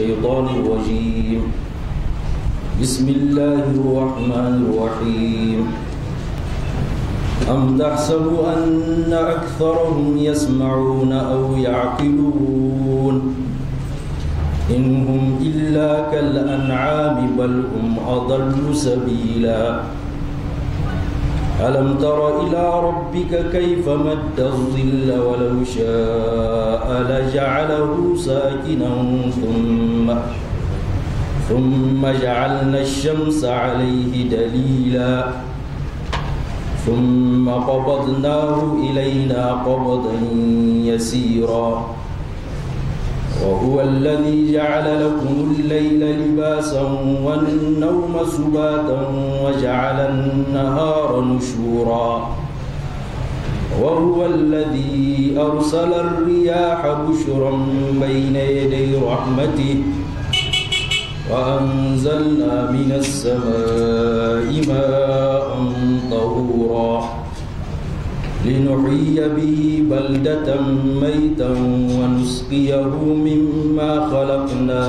الشيطان الرجيم بسم الله الرحمن الرحيم أم تحسب أن أكثرهم يسمعون أو يعقلون إن هم إلا كالأنعام بل هم أضل سبيلاً ألم تر إلى ربك كيف مد الظل ولو شاء لجعله ساكنا ثم ثم جعلنا الشمس عليه دليلا ثم قبضناه إلينا قبضا يسيرا وهو الذي جعل لكم الليل لباسا والنوم سباتا وجعل النهار نشورا وهو الذي أرسل الرياح بشرا بين يدي رحمته وأنزلنا من السماء ماء طهورا لنحيي به بلدة ميتا ونسقيه مما خلقنا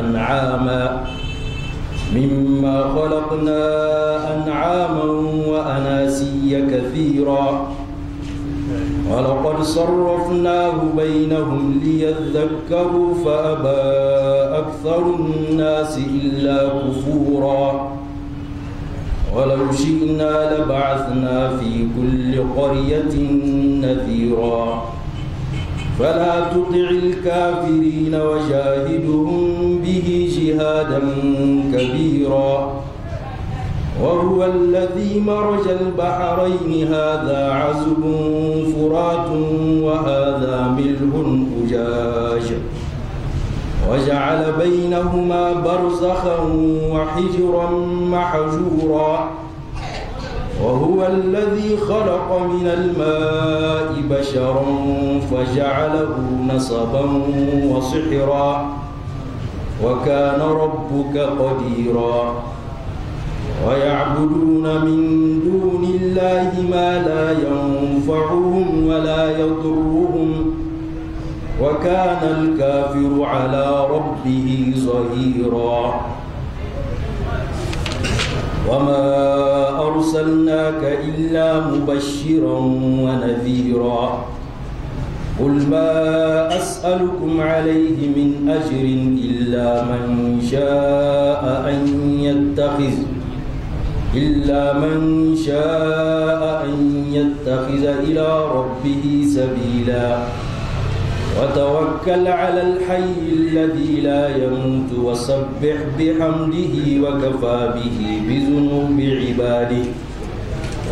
أنعاما مما خلقنا أنعاما وأناسيا كثيرا ولقد صرفناه بينهم ليذكروا فأبى أكثر الناس إلا كفورا ولو شئنا لبعثنا في كل قرية نذيرا فلا تطع الكافرين وجاهدهم به جهادا كبيرا وهو الذي مرج البحرين هذا عزب فرات وهذا ملح أجاج وجعل بينهما برزخا وحجرا محجورا وهو الذي خلق من الماء بشرا فجعله نصبا وصحرا وكان ربك قديرا ويعبدون من دون الله ما لا ينفعهم ولا يضرهم وكان الكافر على ربه ظهيرا وما أرسلناك إلا مبشرا ونذيرا قل ما أسألكم عليه من أجر إلا من شاء أن يتخذ إلا من شاء أن يتخذ إلى ربه سبيلاً وتوكل على الحي الذي لا يموت وسبح بحمده وكفى به بذنوب عباده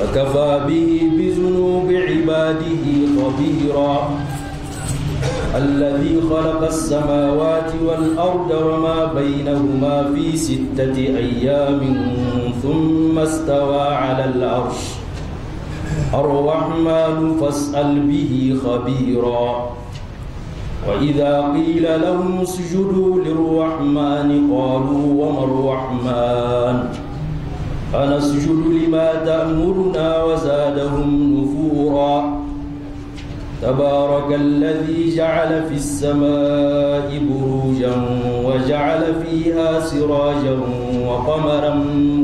وكفى به بذنوب عباده خبيرا الذي خلق السماوات والأرض وما بينهما في ستة أيام ثم استوى على العرش الرحمن فاسأل به خبيرا وإذا قيل لهم اسجدوا للرحمن قالوا وما الرحمن فنسجد لما تأمرنا وزادهم نفورا تبارك الذي جعل في السماء بروجا وجعل فيها سراجا وقمرا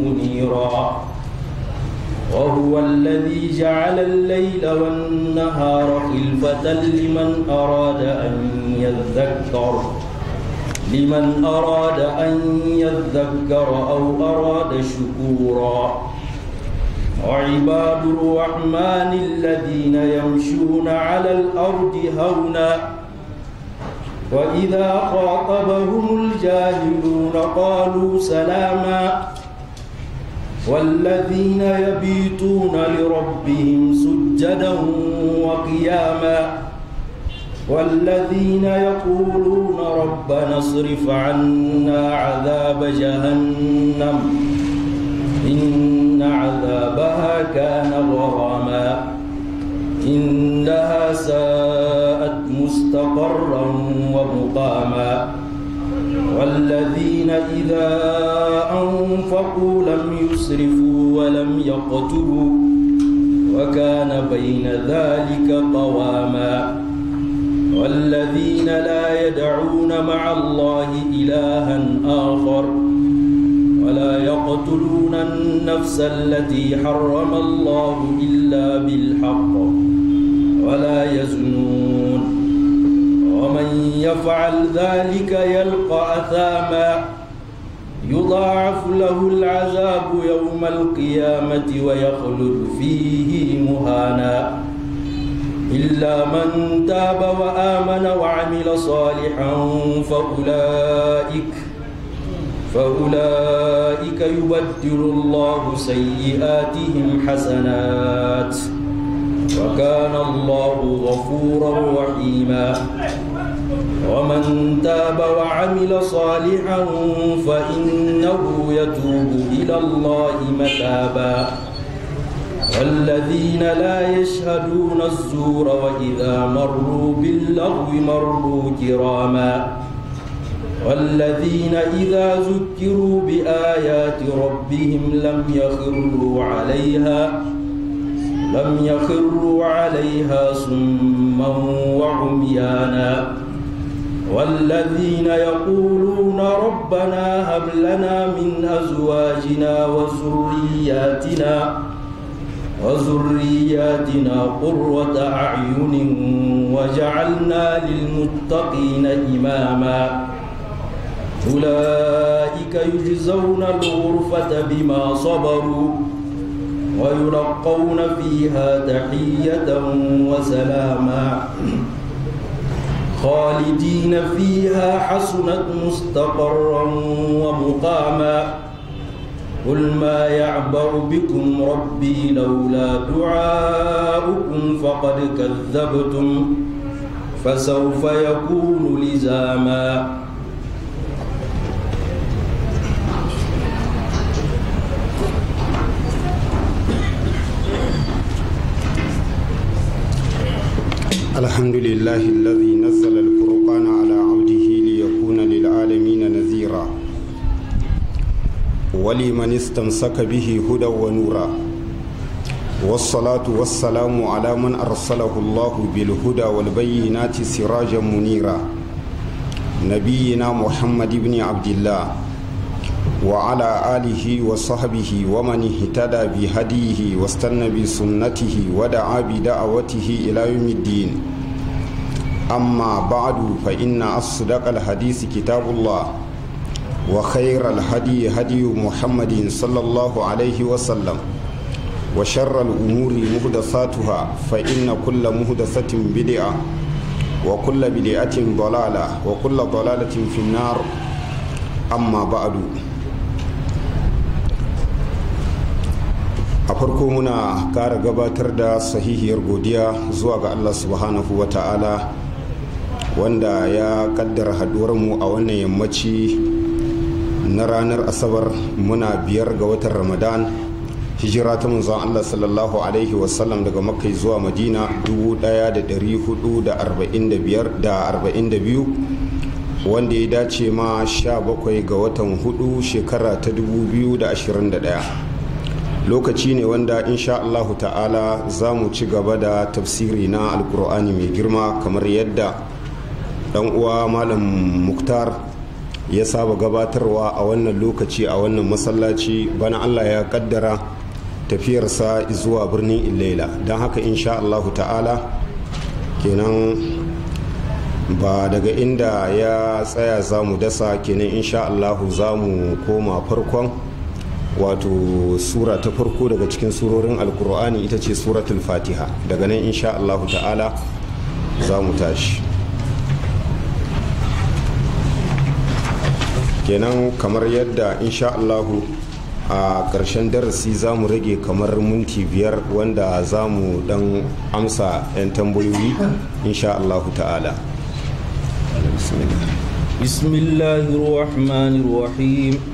منيرا وهو الذي جعل الليل والنهار خلفة لمن أراد أن يذكر لمن أراد أن يذكر أو أراد شكورا وعباد الرحمن الذين يمشون على الأرض هونا وإذا خاطبهم الجاهلون قالوا سلاما والذين يبيتون لربهم سجدا وقياما والذين يقولون ربنا اصرف عنا عذاب جهنم إن عذابها كان غراما إنها ساءت مستقرا ومقاما والذين إذا أنفقوا لم يسرفوا ولم يقتلوا وكان بين ذلك قواما والذين لا يدعون مع الله إلها آخر ولا يقتلون النفس التي حرم الله إلا بالحق ولا يزنون يفعل ذلك يلقى أثاما يضاعف له العذاب يوم القيامة ويخلد فيه مهانا إلا من تاب وآمن وعمل صالحا فأولئك فأولئك يبدل الله سيئاتهم حسنات وكان الله غفورا رحيما ومن تاب وعمل صالحا فإنه يتوب إلى الله متابا والذين لا يشهدون الزور وإذا مروا باللغو مروا كراما والذين إذا ذكروا بآيات ربهم لم يخروا عليها لم يخروا عليها صما وعميانا والذين يقولون ربنا هب لنا من أزواجنا وذرياتنا وذرياتنا قرة أعين وجعلنا للمتقين إماما أولئك يجزون الغرفة بما صبروا ويلقون فيها تحية وسلاما خالدين فيها حسنت مستقرا ومقاما قل ما يعبر بكم ربي لولا دعاؤكم فقد كذبتم فسوف يكون لزاما الحمد لله الذي نزل الفرقان على عبده ليكون للعالمين نذيرا ولمن استمسك به هدى ونورا والصلاة والسلام على من أرسله الله بالهدى والبينات سراجا منيرا نبينا محمد بن عبد الله وعلى آله وصحبه ومن اهتدى بهديه واستنى بسنته ودعا بدعوته إلى يوم الدين أما بعد فإن أصدق الحديث كتاب الله وخير الهدي هدي محمد صلى الله عليه وسلم وشر الأمور مهدساتها فإن كل مهدسة بدعة وكل بدعة ضلالة وكل ضلالة في النار أما بعد a farko muna kara gabatar da sahihiyar godiya zuwa ga allah subhanahu wa ta'ala wanda ya kaddara mu a wannan yammaci na ranar asabar muna biyar ga watan ramadan hijira ta manzon allah sallallahu alaihi wasallam daga makai zuwa madina 1445 wanda ya dace ma 17 ga watan hudu shekara ta 2021 lokaci ne wanda insha Allah ta'ala za mu ci gaba da tafsiri na alkur'ani mai girma kamar yadda dan uwa malam muktar ya saba gabatarwa a wannan lokaci a wannan masallaci bana Allah ya kaddara tafiyarsa zuwa birnin ilaila don haka insha Allah ta'ala kenan ba daga inda ya tsaya za mu dasa kenan insha Allah za mu koma farkon wato sura ta farko daga cikin surorin alkur'ani ita ce suratul fatiha daga nan insha Allah ta'ala za mu tashi kenan kamar yadda insha Allah a ƙarshen darasi za mu rage kamar minti biyar wanda za mu dan amsa 'yan tambayoyi insha Allah ta'ala bismillahirrahmanirrahim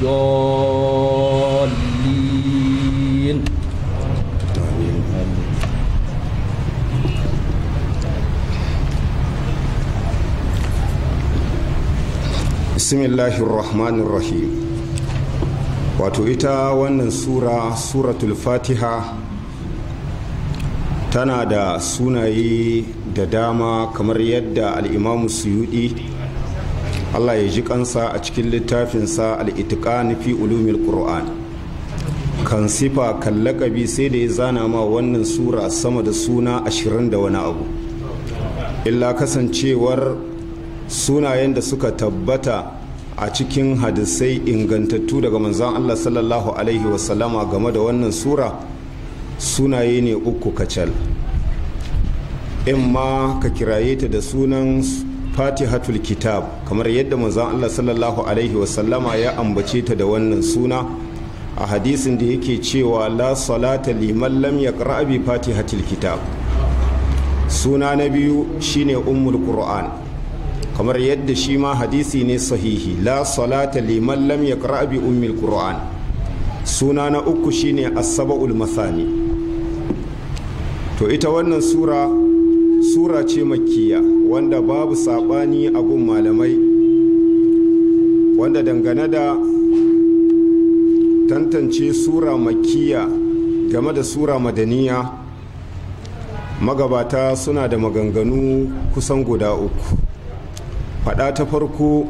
الضالين بسم الله الرحمن الرحيم wato ita wannan sura suratul fatiha tana da sunaye da dama kamar yadda al'imamu suyudi Allah ya ji kansa a cikin littafinsa na fi ulumin Qur'an kan sifa kan lakabi sai da ya zana ma wannan sura sama da suna ashirin da wani abu illa kasancewar sunayen da suka tabbata a cikin hadisai ingantattu daga manzan Allah sallallahu alaihi wasallama game da wannan sura sunaye ne uku kacal in ma ka kiraye ta da sunan fatihatul kitab kamar yadda manzon Allah sallallahu alaihi wasallama ya ambace ta da wannan suna a hadisin da yake cewa la salata liman lam yaqra bi fatihatil kitab suna na biyu shine ummul qur'an kamar yadda shi ma hadisi ne sahihi la salata liman lam yaqra bi ummul qur'an suna na uku shine as-saba'ul masani to ita wannan sura sura ce makiya wanda babu saɓani a gun malamai wanda dangane da tantance sura makiya game da sura madaniya magabata suna da maganganu kusan guda uku faɗa ta farko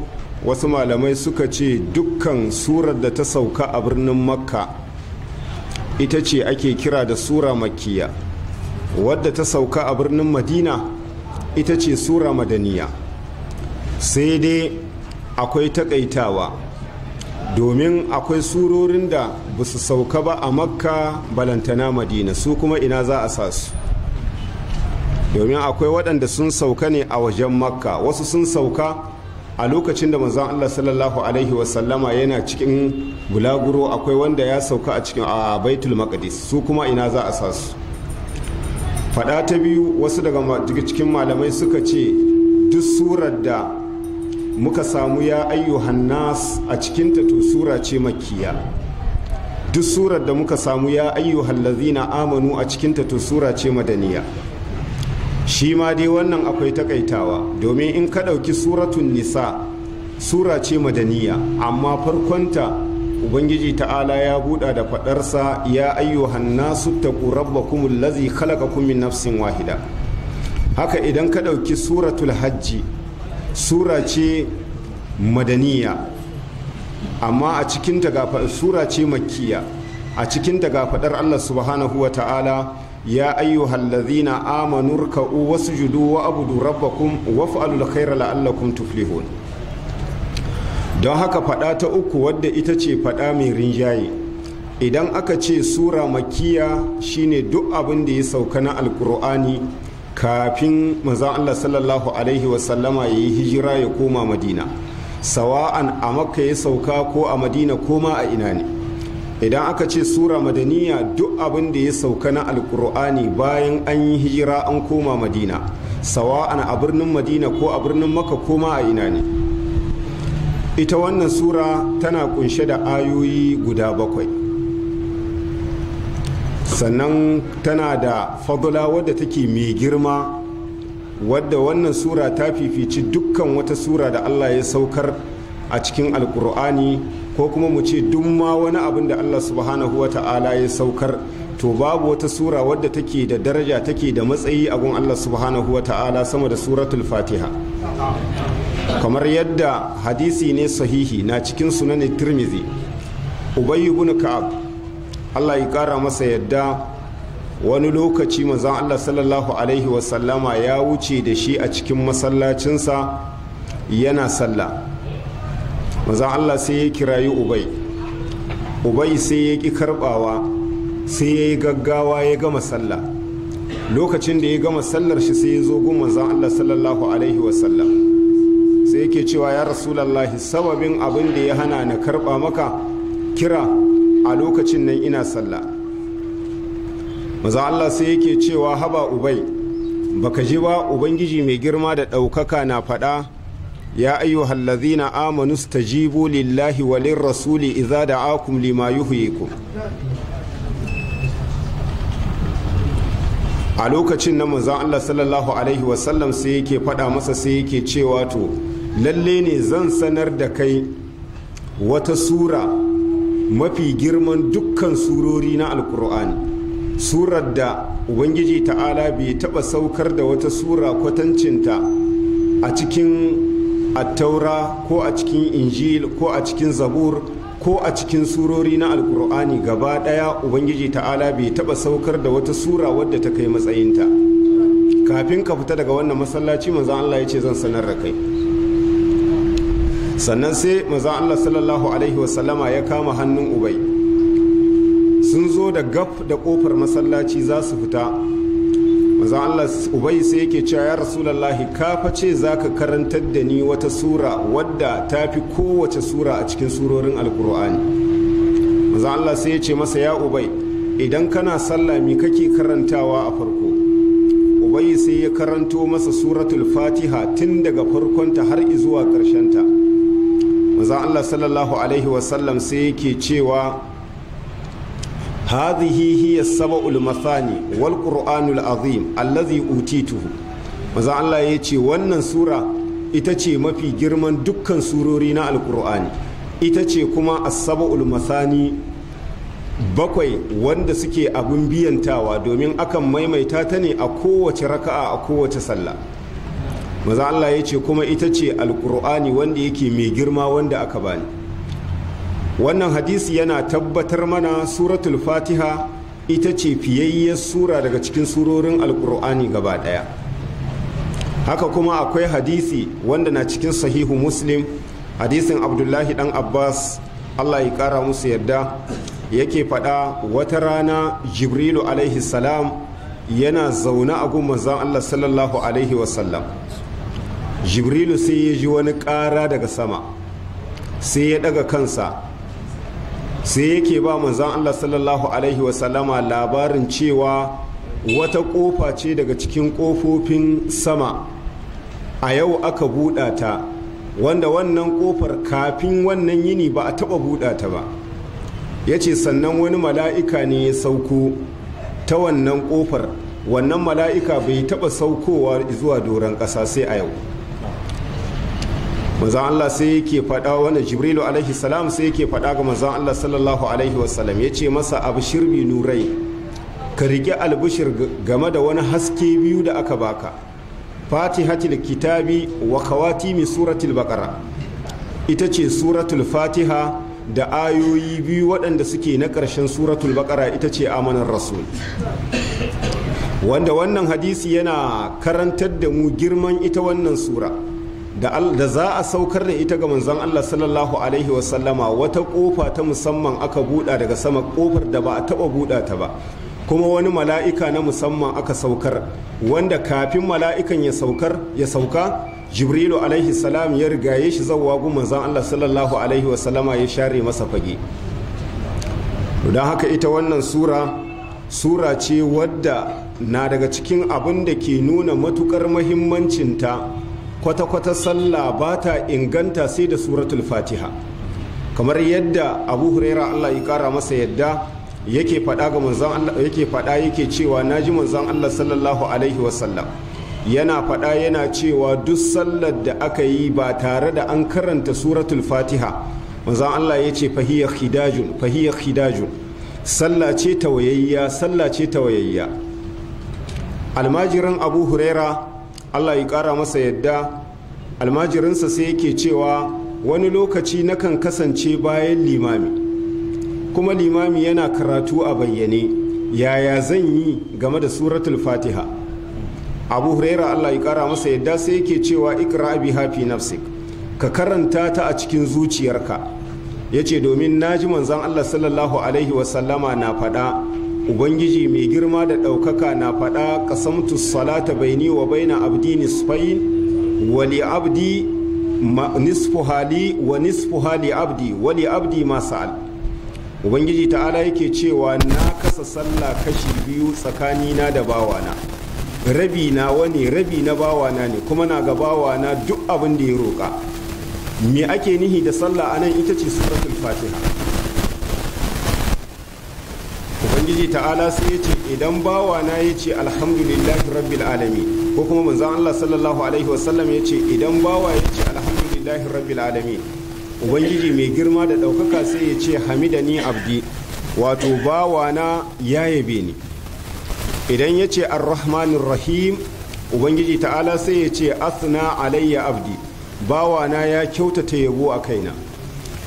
wasu malamai suka ce dukkan surar da ta sauka a birnin makka ita ce ake kira da sura makiya wadda ta sauka a birnin madina ita ce sura madaniya sai dai akwai takaitawa domin akwai surorin da ba su sauka ba a makka balantana madina su kuma ina za a sa su domin akwai waɗanda sun sauka ne a wajen makka wasu sun sauka a lokacin da manzon Allah sallallahu alaihi wasallama yana cikin bulaguro akwai wanda ya sauka a cikin a baitul maqdis su kuma ina za a sa su fada ta biyu wasu daga cikin malamai suka ce duk surar da muka samu ya ayyuhan nas a cikinta to sura ce makiya duk surar da muka samu ya ayyuhan lazina amanu a cikinta to sura ce madaniya shi ma dai wannan akwai takaitawa domin in ka ɗauki suratun nisa sura ce madaniya amma farkonta ubangiji ta'ala ya buɗa da faɗarsa ya ayyo ayyuhan nasu taqu rabbakum lazi khalaqakum kumin nafsin wahida haka idan ka ɗauki suratul hajji sura ce madaniya amma a cikin ta ga sura ce makkiya a cikin ta ga faɗar Allah subhanahu wa ta'ala ya ayyuhal ladzina amanu rka'u judu wa abudu rabbakum la'allakum tuflihun don haka fada ta uku wadda ita ce fada mai rinjaye idan aka ce sura makiya shine duk abin da ya sauka na alkur'ani kafin manzon allah sallallahu alaihi wasallama ya yi hijira ya koma madina sawa'an a makka ya sauka ko a madina koma a ina ne idan aka ce sura madaniya duk abin da ya sauka na alkur'ani bayan an yi hijira an koma madina sawa'an a birnin madina ko a birnin maka koma a ina ne ita wannan sura tana kunshe da ayoyi guda bakwai sannan tana da fadula wadda take mai girma wadda wannan sura ta fifici dukkan wata sura da allah ya saukar a cikin alkur'ani ko kuma mu ce duk ma wani abin da allah subhanahu wa ta'ala ya saukar to babu wata sura wadda take da daraja take da matsayi a gun allah subhanahu wa ta'ala sama da suratul fatiha kamar yadda hadisi ne sahihi na cikin sunan tirmizi ubay ibn ka'ab Allah ya kara masa yadda wani lokaci manzon Allah sallallahu alaihi wasallama ya wuce da shi a cikin masallacinsa yana sallah manzon Allah sai ya kirayi ubay ubay sai ya ki karbawa sai ya yi gaggawa ya gama sallah lokacin da ya gama sallar shi sai ya zo gun manzon Allah sallallahu alaihi sallam. sai yake cewa ya lallahi sababin abin da ya hana na karba maka kira a lokacin nan ina sallah maza Allah sai yake cewa haba ubai baka ji ba ubangiji mai girma da ɗaukaka na faɗa ya ayyuhal ladzina amanu stajibu lillahi walin rasuli da da'akum lima yuhyikum a lokacin na manzan Allah sallallahu alaihi wasallam sai yake faɗa masa sai yake cewa to lalle ne zan sanar da kai wata sura mafi girman dukkan surori na alkur'ani surar da ubangiji ta'ala bai taba saukar da wata sura kwatancinta a cikin attaura ko a cikin injil ko a cikin zabur ko a cikin surori na alkur'ani gaba daya ubangiji ta'ala bai taba saukar da wata sura wadda ta kai matsayinta kafin ka fita daga wannan masallaci manzan allah ya ce zan sanar da kai sannan sai maza Allah sallallahu alaihi wasallama ya kama hannun ubai sun zo da gaf da kofar masallaci za su fita maza Allah ubai sai yake cewa ya rasulallahi ka za zaka karantar da ni wata sura wadda ta fi kowace sura a cikin surorin alkur'ani maza Allah sai ya ce masa ya ubai idan kana sallah mi kake karantawa a farko ubai sai ya karanto masa suratul fatiha tun daga farkonta har izuwa ƙarshenta manzan Allah sallallahu alaihi wasallam sai yake cewa hadhihi hiya sab'ul mathani wal qur'anul azim allazi utituhu maza Allah ya ce wannan sura ita ce mafi girman dukkan surori na alqur'ani ita ce kuma as-sab'ul mathani bakwai wanda suke abin biyantawa domin akan maimaita ta ne a kowace raka'a a kowace sallah maza Allah ya ce kuma ita ce alkur'ani wanda yake mai girma wanda aka bani wannan hadisi yana tabbatar mana suratul fatiha ita ce fiyayyar sura daga cikin surorin alkur'ani gaba daya haka kuma akwai hadisi wanda na cikin sahihu muslim hadisin abdullahi dan abbas allah ya kara musu yadda yake faɗa wata rana jibrilu alaihi salam yana zaune a gun mazan allah sallallahu alaihi wasallam jibrilu sai ya ji wani ƙara daga sama sai ya daga kansa sai yake ba manzan allah sallallahu alaihi wasallama labarin cewa wata ƙofa ce daga cikin ƙofofin sama a yau aka buɗa ta wanda wannan ƙofar kafin wannan yini ba a taɓa buɗa ta ba ya ce sannan wani mala'ika ne ya sauko ta wannan ƙofar wannan mala'ika bai taɓa saukowa zuwa doron ƙasa sai a yau manzan Allah sai yake faɗa wanda jibrilu alaihi salam sai yake faɗa ga manzan Allah sallallahu alaihi wasallam ya ce masa abu bi nurai ka riƙe albishir game da wani haske biyu da aka baka fatihatil kitabi wa kawatimi suratul baqara ita ce suratul fatiha da ayoyi biyu waɗanda suke na ƙarshen suratul baqara ita ce amanar rasul wanda wannan hadisi yana karantar da mu girman ita wannan sura da za a saukar da ita ga manzon Allah sallallahu alaihi wasallama wata kofa ta musamman aka buɗa daga sama kofar da ba a taɓa buɗa ta ba kuma wani mala'ika na musamman aka saukar wanda kafin mala'ikan ya saukar ya sauka jibrilu alaihi salam ya rigaye shi zawwa gun manzon Allah sallallahu alaihi wasallama ya share masa fage don haka ita wannan sura sura ce wadda na daga cikin abin da ke nuna matukar ta kwata-kwata sallah ba ta inganta sai da suratul fatiha kamar yadda abu huraira allah ya kara masa yadda yake faɗa ga allah yake faɗa yake cewa naji manzan allah sallallahu alaihi wasallam yana faɗa yana cewa duk sallar da aka yi ba tare da an karanta suratul fatiha manzan allah ya ce fahiyar hidajun fahiyar hidajun sallah ce tawayayya sallah ce tawayayya almajirin abu huraira allah ya ƙara masa yadda almajirinsa sai yake cewa wani lokaci nakan kasance bayan limami kuma limami yana karatu a bayyane yaya zan yi game da suratul fatiha abu huraira allah ya kara masa yadda sai yake cewa ikra bi hafi nafsik ka karanta ta a cikin zuciyarka ya ce domin naji ji manzan allah sallallahu alaihi wasallama na faɗa ubangiji mai girma da ɗaukaka na faɗa ƙasamtu salata baini wa baina abdi nisfai wali abdi nisfu hali wa nisfu hali abdi wali abdi masal ubangiji ta'ala yake cewa na kasa sallah kashi biyu tsakanina da bawana rabi na wani rabi na bawana ne kuma na ga bawana duk abin da ya roƙa me ake nihi da sallah anan ita ce suratul fatiha ubangiji ta'ala sai ya ce idan bawa na ya ce alhamdulillah rabbil alami ko kuma manzon Allah sallallahu alaihi wasallam ya ce idan bawa ya ce alhamdulillah rabbil alami ubangiji mai girma da ɗaukaka sai ya ce hamidani abdi wato bawa na ya yabe ni idan ya ce arrahmanir rahim ubangiji ta'ala sai ya ce asna alayya abdi bawa na ya kyautata yabo a kaina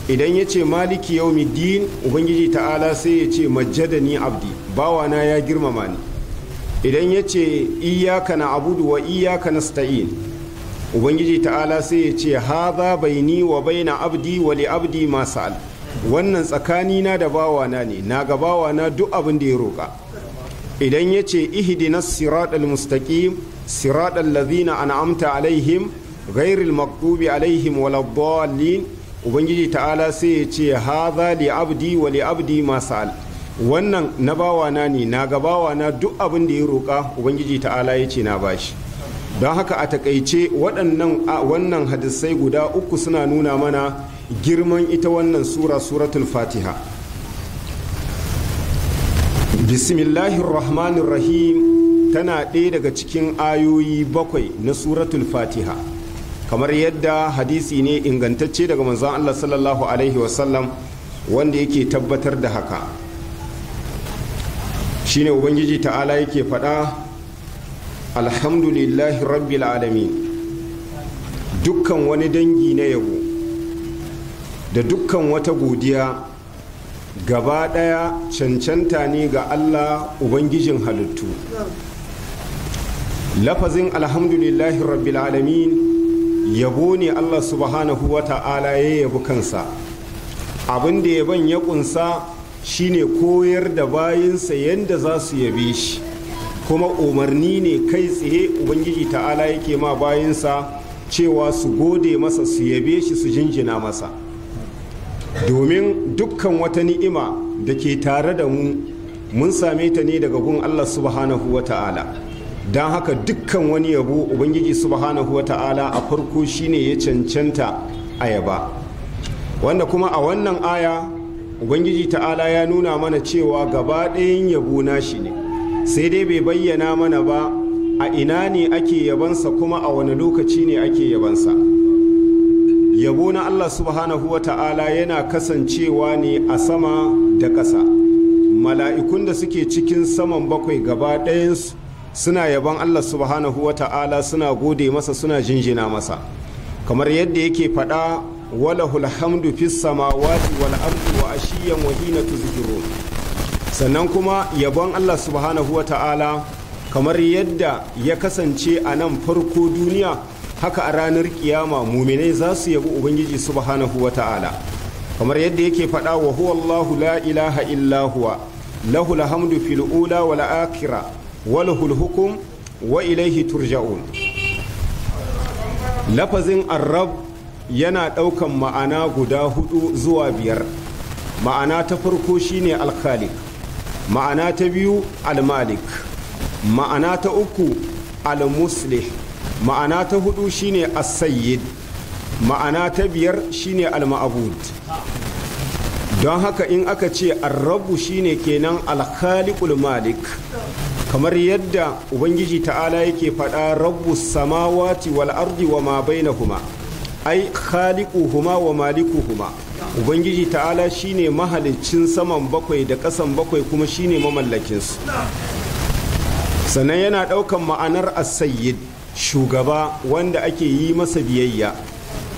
idan ya ce maliki din. ubangiji ta'ala sai ya ce majjadani abdi bawana ya girmama ni idan ya ce iyaka na abudu wa iyaka na sta'in ubangiji ta'ala sai ya ce haza baini wa baina abdi wa li abdi masu al wannan tsakanina da bawana ne na ga bawana duk abin da ya roƙa idan ya ce ihidina siraɗal mustaƙim siraɗal lazina an'amta alaihim ghairil maktubi alaihim waladdallin ubangiji ta'ala sai ya ce haza li abdi wa li abdi masal wannan na bawana ne na ga bawana duk abin da ya roƙa ubangiji ta'ala ya ce na bashi don haka a takaice waɗannan wannan hadisai guda uku suna nuna mana girman ita wannan sura suratul fatiha bismillahirrahmanirrahim tana ɗaya daga cikin ayoyi bakwai na suratul fatiha kamar yadda hadisi ne ingantacce daga manzon Allah sallallahu alaihi wasallam wanda yake tabbatar da haka shine ubangiji ta'ala yake faɗa alhamdulillahi rabbil alamin dukkan wani dangi na yabo da dukkan wata godiya gaba ɗaya cancanta ne ga allah ubangijin halittu lafazin alhamdulillahi rabbil alamin yabo ne allah subhanahu wa ta'ala ya yabi kansa abin da ban ya kunsa shine koyar da bayinsa yadda za su yabe shi kuma umarni ne kai tsaye ubangiji ta'ala yake ma bayinsa cewa su gode masa su yabe shi su jinjina masa domin dukkan wata ni'ima da ke tare da mu mun same ta ne daga gun allah subhanahu wa ta'ala don haka dukkan wani yabo ubangiji subhanahu ta'ala a farko shine ya cancanta ayaba wanda kuma a wannan aya ubangiji ta'ala ya nuna mana cewa gaba ɗayan yabo nashi ne sai dai bai bayyana mana ba a ina ne ake yabansa kuma a wani lokaci ne ake yabansa yabo na allah subhanahu ta'ala yana kasancewa ne a sama da ƙasa mala'ikun da suke cikin saman bakwai gaba ɗayansu suna yabon Allah subhanahu wa ta'ala suna gode masa suna jinjina masa kamar yadda yake faɗa walahul hamdu fis samawati wal ardi wa ashiyan wa hina tuzhirun sannan kuma yabon Allah subhanahu wa ta'ala kamar yadda ya kasance a nan farko duniya haka a ranar kiyama muminai za su yabi ubangiji subhanahu wa ta'ala kamar yadda yake faɗa wa huwa Allahu la ilaha illa huwa lahul hamdu fil ula wal akhirah Walhulhukum, hukum wa ilaihi turja'un lafazin arab yana ɗaukan ma'ana guda hudu zuwa biyar ma'ana ta farko shine alkhalik ma'ana ta biyu almalik ma'ana ta uku almuslih ma'ana ta hudu shine as-sayyid ma'ana ta biyar shine al-ma'bud don haka in aka ce arrabu shine kenan alkalikul malik kamar yadda ubangiji ta'ala yake faɗa rabu samawati wal ardi wa ma huma ai khaliku huma wa maliku huma ubangiji ta'ala shine mahaliccin saman bakwai da ƙasan bakwai kuma shine mamallakin su sannan yana ɗaukan ma'anar as-sayyid shugaba wanda ake yi masa biyayya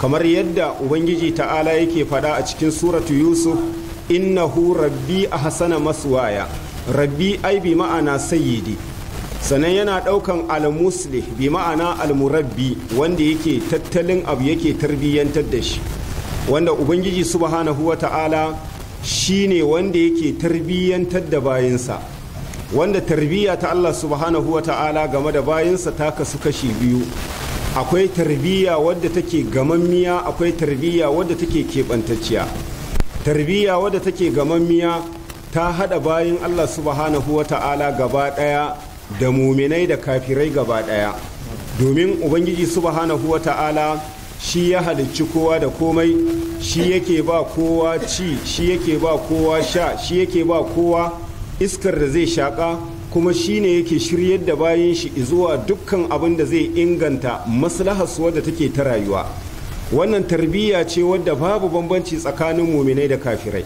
kamar yadda ubangiji ta'ala yake fada a cikin suratu yusuf innahu rabbi a hasana masuwaya rabbi ai bi ma'ana sayyidi sannan yana ɗaukan musli bi ma'ana almurabbi wanda yake tattalin abu yake tarbiyyantar da shi wanda ubangiji subhanahu wa ta'ala shine wanda yake tarbiyyantar da bayinsa wanda tarbiyya ta allah subhanahu wa ta'ala game da bayinsa ta kasu kashi biyu akwai tarbiyya wadda take gamammiya akwai tarbiyya wadda take keɓantacciya tarbiyya wadda take gamammiya ta haɗa bayan allah subhanahu wa ta'ala gaba ɗaya da muminai da kafirai gaba ɗaya domin ubangiji subhanahu wa ta'ala shi ya halicci kowa da komai shi yake ba kowa ci shi yake ba kowa sha shi yake ba kowa iskar da zai shaƙa kuma shine yake shiryar da bayan shi zuwa dukkan abin da zai inganta maslahar su wadda take ta rayuwa wannan tarbiyya ce wadda babu bambanci tsakanin muminai da kafirai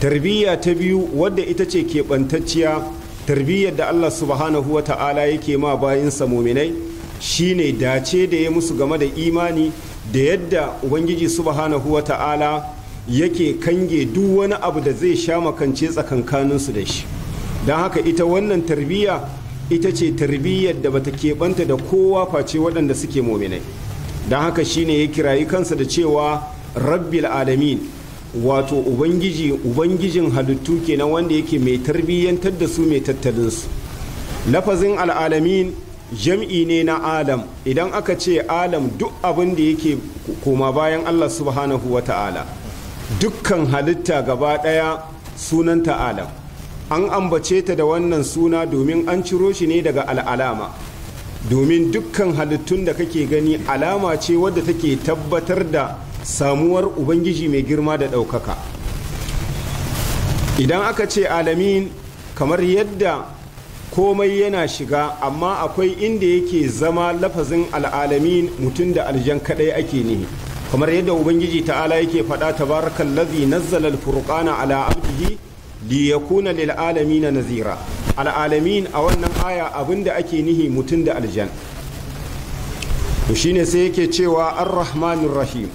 tarbiyya ta biyu wadda ita ce keɓantacciya tarbiyyar da Allah subhanahu wa ta'ala yake ma bayansa muminai shine dace da ya musu game da imani da yadda ubangiji subhanahu wa ta'ala yake kange duk wani abu da zai sha makance tsakankaninsu da shi don haka ita wannan tarbiyya ita ce tarbiyyar da bata keɓanta da kowa face waɗanda suke mominai don haka shine ya kirayi kansa da cewa rabbil alamin wato ubangiji ubangijin halittu kenan wanda yake mai tarbiyyantar da su mai tattalinsu lafazin al'alamin jam'i ne na alam idan aka ce alam duk abin da yake koma bayan allah subhanahu wa ta'ala dukkan halitta gaba ɗaya sunanta alam an ambace ta da wannan suna domin an ciro shi ne daga al'alama domin dukkan halittun da kake gani alama ce wadda take tabbatar da samuwar ubangiji mai girma da ɗaukaka idan aka ce alamin kamar yadda komai yana shiga amma akwai inda yake zama lafazin al'alamin mutum da aljan kaɗai ake ne kamar yadda ubangiji ta'ala yake faɗa tabarakan lazi nazzalal furkana ala abdihi li yakuna lil al'amina nazira al alamin a wannan aya abinda ake nihi mutum da aljan to shine sai yake cewa ar rahim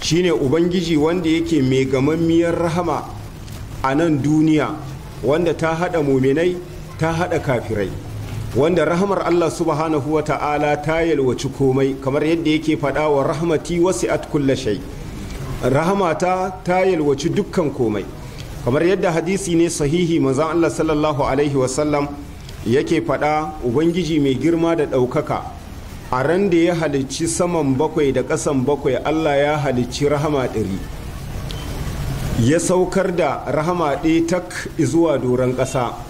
shine ubangiji wanda yake mai gamammiyar rahama a nan duniya wanda ta hada muminai ta hada kafirai wanda rahamar Allah subhanahu wa ta'ala ta yalwaci komai kamar yadda yake faɗa wa rahmati wasi'at kulla shai rahamata ta yalwaci dukkan komai kamar yadda hadisi ne sahihi manzan Allah sallallahu alaihi wasallam yake faɗa ubangiji mai girma da ɗaukaka a ran da ya halicci saman bakwai da ƙasan bakwai Allah ya halicci rahama ɗari ya saukar da rahama ɗaya tak zuwa doron ƙasa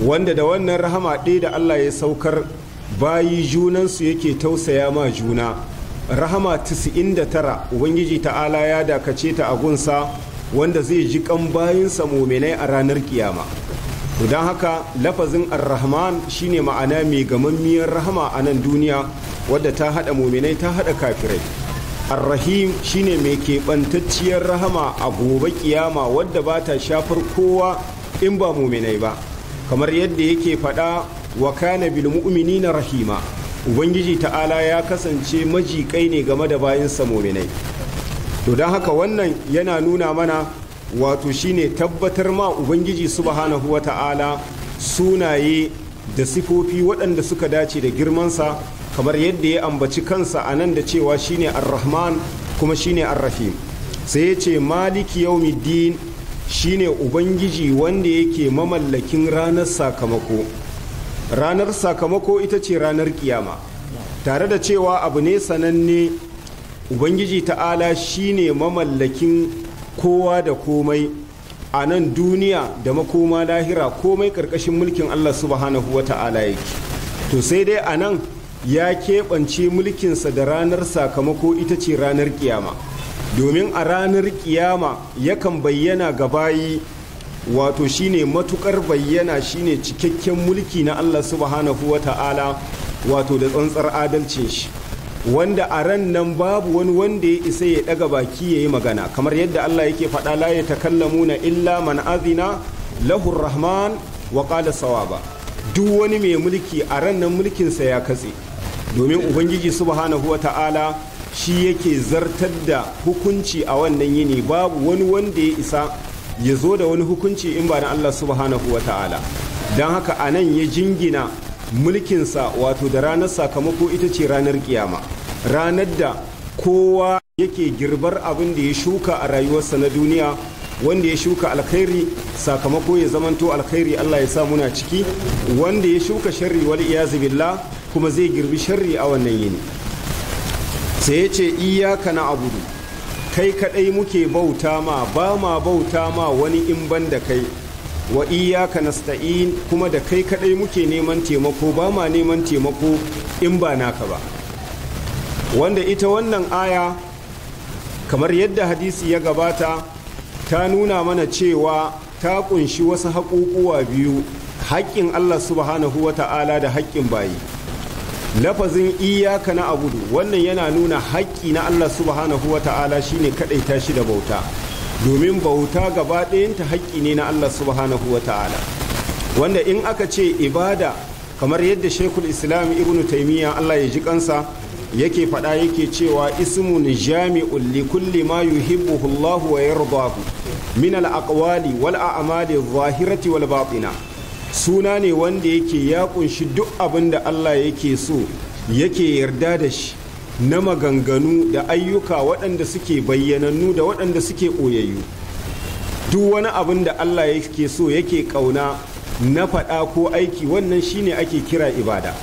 wanda da wannan rahama ɗaya da Allah ya saukar bayi junansu yake tausaya ma juna rahama 99 ubangiji ta'ala ya dakace ta a gunsa wanda zai ji kan bayinsa muminai a ranar kiyama don haka lafazin ar-rahman shine ma'ana mai gamammiyar rahama a nan duniya wadda ta haɗa muminai ta haɗa kafirai ar-rahim shine mai keɓantacciyar rahama a gobe kiyama wadda ba ta shafar kowa in ba muminai ba kamar yadda yake faɗa wa kana bil mu'minina rahima ubangiji ta'ala ya kasance majiƙai ne game da sa muminai to don haka wannan yana nuna mana wato shine tabbatar ma ubangiji subhanahu ta'ala sunaye da sifofi waɗanda suka dace da girmansa kamar yadda ya ambaci kansa a nan da cewa shine ar-rahman kuma shine ar-rahim sai ya ce maliki yaumiddin shine ubangiji wanda yake mamallakin ranar sakamako ranar sakamako ita ce ranar kiyama tare da cewa abu ne sananne ubangiji ta'ala shine mamallakin kowa da komai a nan duniya da makoma lahira komai karkashin mulkin allah subhanahu wa ta'ala yake to sai dai a nan ya keɓance mulkinsa da ranar sakamako ita ce ranar kiyama domin a ranar kiyama yakan bayyana ga bayi wato shine matukar bayyana shine cikakken mulki na allah subhanahu wa ta'ala wato da tsantsar adalcin shi wanda a ran nan babu wani wanda ya isa ya daga baki ya yi magana kamar yadda Allah yake faɗa la ya na illa man azina lahu rahman wa qala sawaba duk wani mai mulki a ran nan mulkin sa ya katse domin ubangiji subhanahu wa ta'ala shi yake zartar da hukunci a wannan yini babu wani wanda ya isa ya zo da wani hukunci in ba na Allah subhanahu wa ta'ala don haka anan ya jingina mulkinsa wato da ranar sakamako ita ce ranar kiyama ranar da kowa yake girbar abin da ya shuka a rayuwarsa na duniya wanda ya shuka alkhairi sakamako ya zamanto alkhairi Allah ya sa muna ciki wanda ya shuka sharri wal iyazu billah kuma zai girbi sharri a wannan yini sai ya ce iyaka na abudu kai kadai muke bauta ma ba ma bauta ma wani in banda kai wa iyyaka nasta'in kuma da kai kadai muke neman taimako ba ma neman taimako in ba naka ba wanda ita wannan aya kamar yadda hadisi ya gabata ta nuna mana cewa ta kunshi wasu haƙuƙuwa biyu haƙƙin Allah subhanahu wa ta'ala da haƙƙin bayi lafazin iyaka na abudu wannan yana nuna haƙƙi na Allah subhanahu wa ta'ala shine kaɗaita shi da bauta domin bauta gaba ta haƙƙi ne na Allah subhanahu wa ta'ala wanda in aka ce ibada kamar yadda shekul islam ibn taimiyya Allah ya ji kansa yake faɗa yake cewa ismun jami'un li kulli ma yuhibbuhu Allah wa yardahu min al aqwali wal a'mali zahirati wal batina suna ne wanda yake ya kunshi duk abin da Allah yake so yake yarda da shi na maganganu da ayyuka waɗanda suke bayyanannu da waɗanda suke ɓoyayyu duk wani abin da Allah yake so yake ƙauna na faɗa ko aiki wannan shine ake kira ibada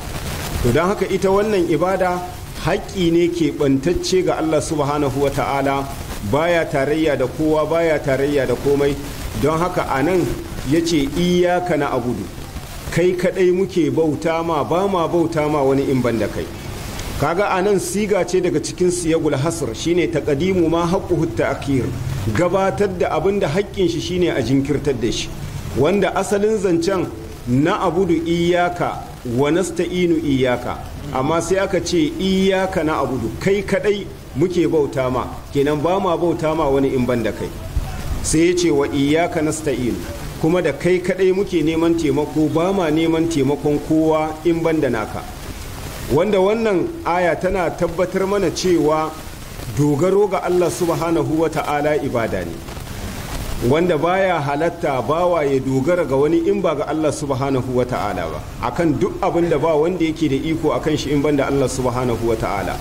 to don haka ita wannan ibada haƙƙi ne ke ɓantacce ga Allah subhanahu wa ta'ala baya tarayya da kowa baya tarayya da komai don haka a nan ya ce iyaka na abudu kai kaɗai muke bauta ma ba ma bauta ma wani in ban da kai kaga anan siga ce daga cikin siyagul hasr shine taqdimu ma haqquhu ta'khir gabatar da abin da haƙƙin shi shine a jinkirtar da shi wanda asalin zancen na abudu iyaka wa nasta'inu iyaka amma sai aka ce iyaka na abudu kai kadai muke bauta ma kenan ba ma bauta ma wani in ban da kai sai ya ce wa iyaka inu kuma da kai kadai muke neman taimako ba ma neman taimakon kowa in ban da naka wanda wannan aya tana tabbatar mana cewa dogaro ga Allah subhanahu wa ta'ala ibada ne wanda baya halatta bawa ya dogara ga wani in ba ga Allah subhanahu wa ta'ala ba akan duk abin da ba wanda yake da iko akan shi in banda Allah subhanahu wa ta'ala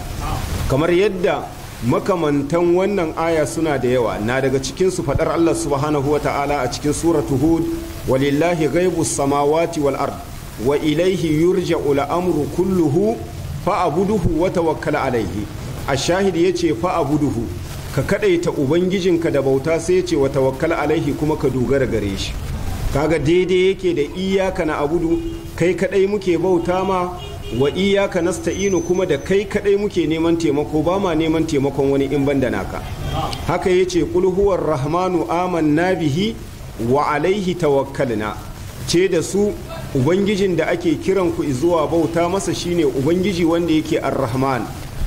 kamar yadda makamantan wannan aya suna da yawa na daga cikin su faɗar Allah subhanahu wa ta'ala a cikin suratu hud walillahi ghaibu samawati wal ard wa ilaihi ula al'amru kulluhu fa'abuduhu wa tawakkal alaihi ashahid yace buduhu ka kadaita ubangijinka da bauta sai ce wa tawakkal alaihi kuma ka dogara gare shi kaga daidai yake da iyaka na abudu kai kadai muke bauta ma wa iyaka nasta'inu kuma da kai kadai muke neman taimako ba ma neman taimakon wani in banda naka haka yace ce rahmanu amanna bihi wa alaihi tawakkalna ce da su ubangijin da ake kiran ku zuwa bauta masa shine ubangiji wanda yake ar-rahman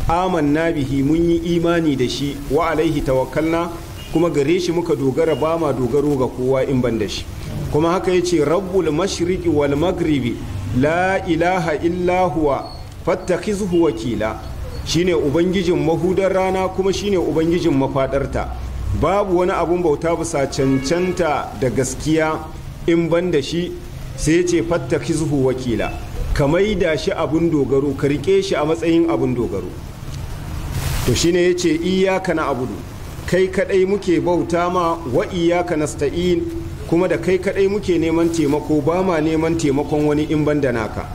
amanna bihi mun yi imani da shi wa alaihi tawakkalna kuma gare shi muka dogara ba ma dogaro ga kowa in ban da shi kuma haka yace rabbul mashriqi wal maghribi la ilaha illa huwa fattakhizhu wakila shine ubangijin mahudar rana kuma shine ubangijin mafadarta babu wani abun bauta bisa cancanta da gaskiya in ban da shi sai ce fatta kizuhu wakila ka maida shi abun dogaro ka rike shi a matsayin abun dogaro to shine ya ce iyaka na abudu kai kadai muke bauta ma wa iyaka nasta'in kuma da kai kadai muke neman taimako ba ma neman taimakon wani in banda naka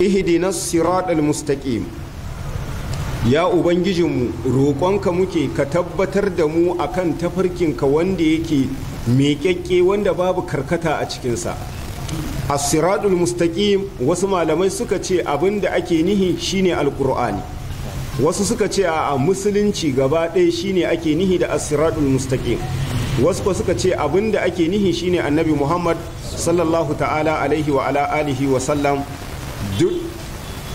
ihdina siratal mustaqim ya ubangijinmu roƙonka muke ka tabbatar da mu akan tafarkinka wanda yake miƙaƙƙe wanda babu karkata a cikinsa as-siratul mustaqim wasu malamai suka ce abin da ake nihi shine alkur'ani wasu suka ce a musulunci gaba ɗaya shine ake nihi da as-siratul mustaqim wasu ko suka ce abin da ake nihi shine annabi muhammad sallallahu ta'ala alaihi wa ala alihi wa sallam duk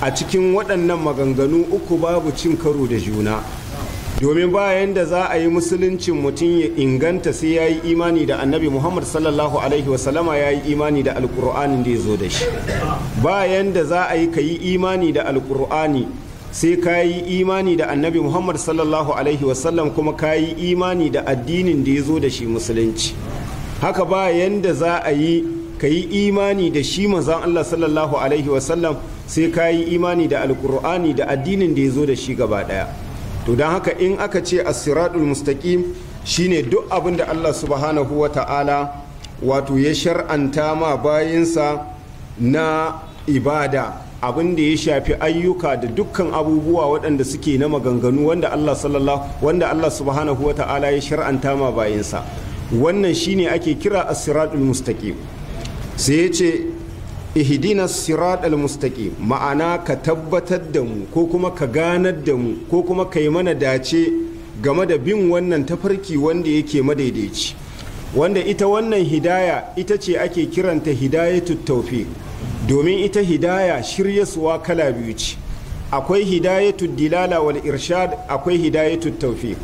a cikin waɗannan maganganu uku babu cin karo da juna domin bayan da za a yi musuluncin mutum ya inganta sai ya yi imani da annabi muhammad sallallahu alaihi wasallama ya yi imani da alkur'anin da ya zo da shi bayan da za a yi ka yi imani da alkur'ani sai ka yi imani da annabi muhammad sallallahu alaihi wasallam kuma ka yi imani da addinin da ya zo da shi musulunci haka bayan da za a yi ka yi imani da shi mazan allah sallallahu alaihi wasallam sai ka yi imani da alkur'ani da addinin da ya zo da shi gaba daya. to don haka in aka ce as-siratul mustaqim shine duk abin da Allah subhanahu wa ta'ala wato ya shar'anta ma bayinsa na ibada abin da ya shafi ayyuka da dukkan abubuwa waɗanda suke na maganganu wanda Allah sallallahu subhanahu wa ta'ala ya shar'anta ma bayinsa wannan shine ake kira a siratul mustaqim sai ya ce ihdina al mustaqim ma'ana ka tabbatar da mu ko kuma ka ganar da mu ko kuma ka yi mana dace game da bin wannan tafarki wanda yake madaidaici wanda ita wannan hidaya ita ce ake kiranta hidayatu tawfiq domin ita hidaya suwa kala biyu ce akwai hidayatu dilala wal irshad akwai hidayatu tawfiq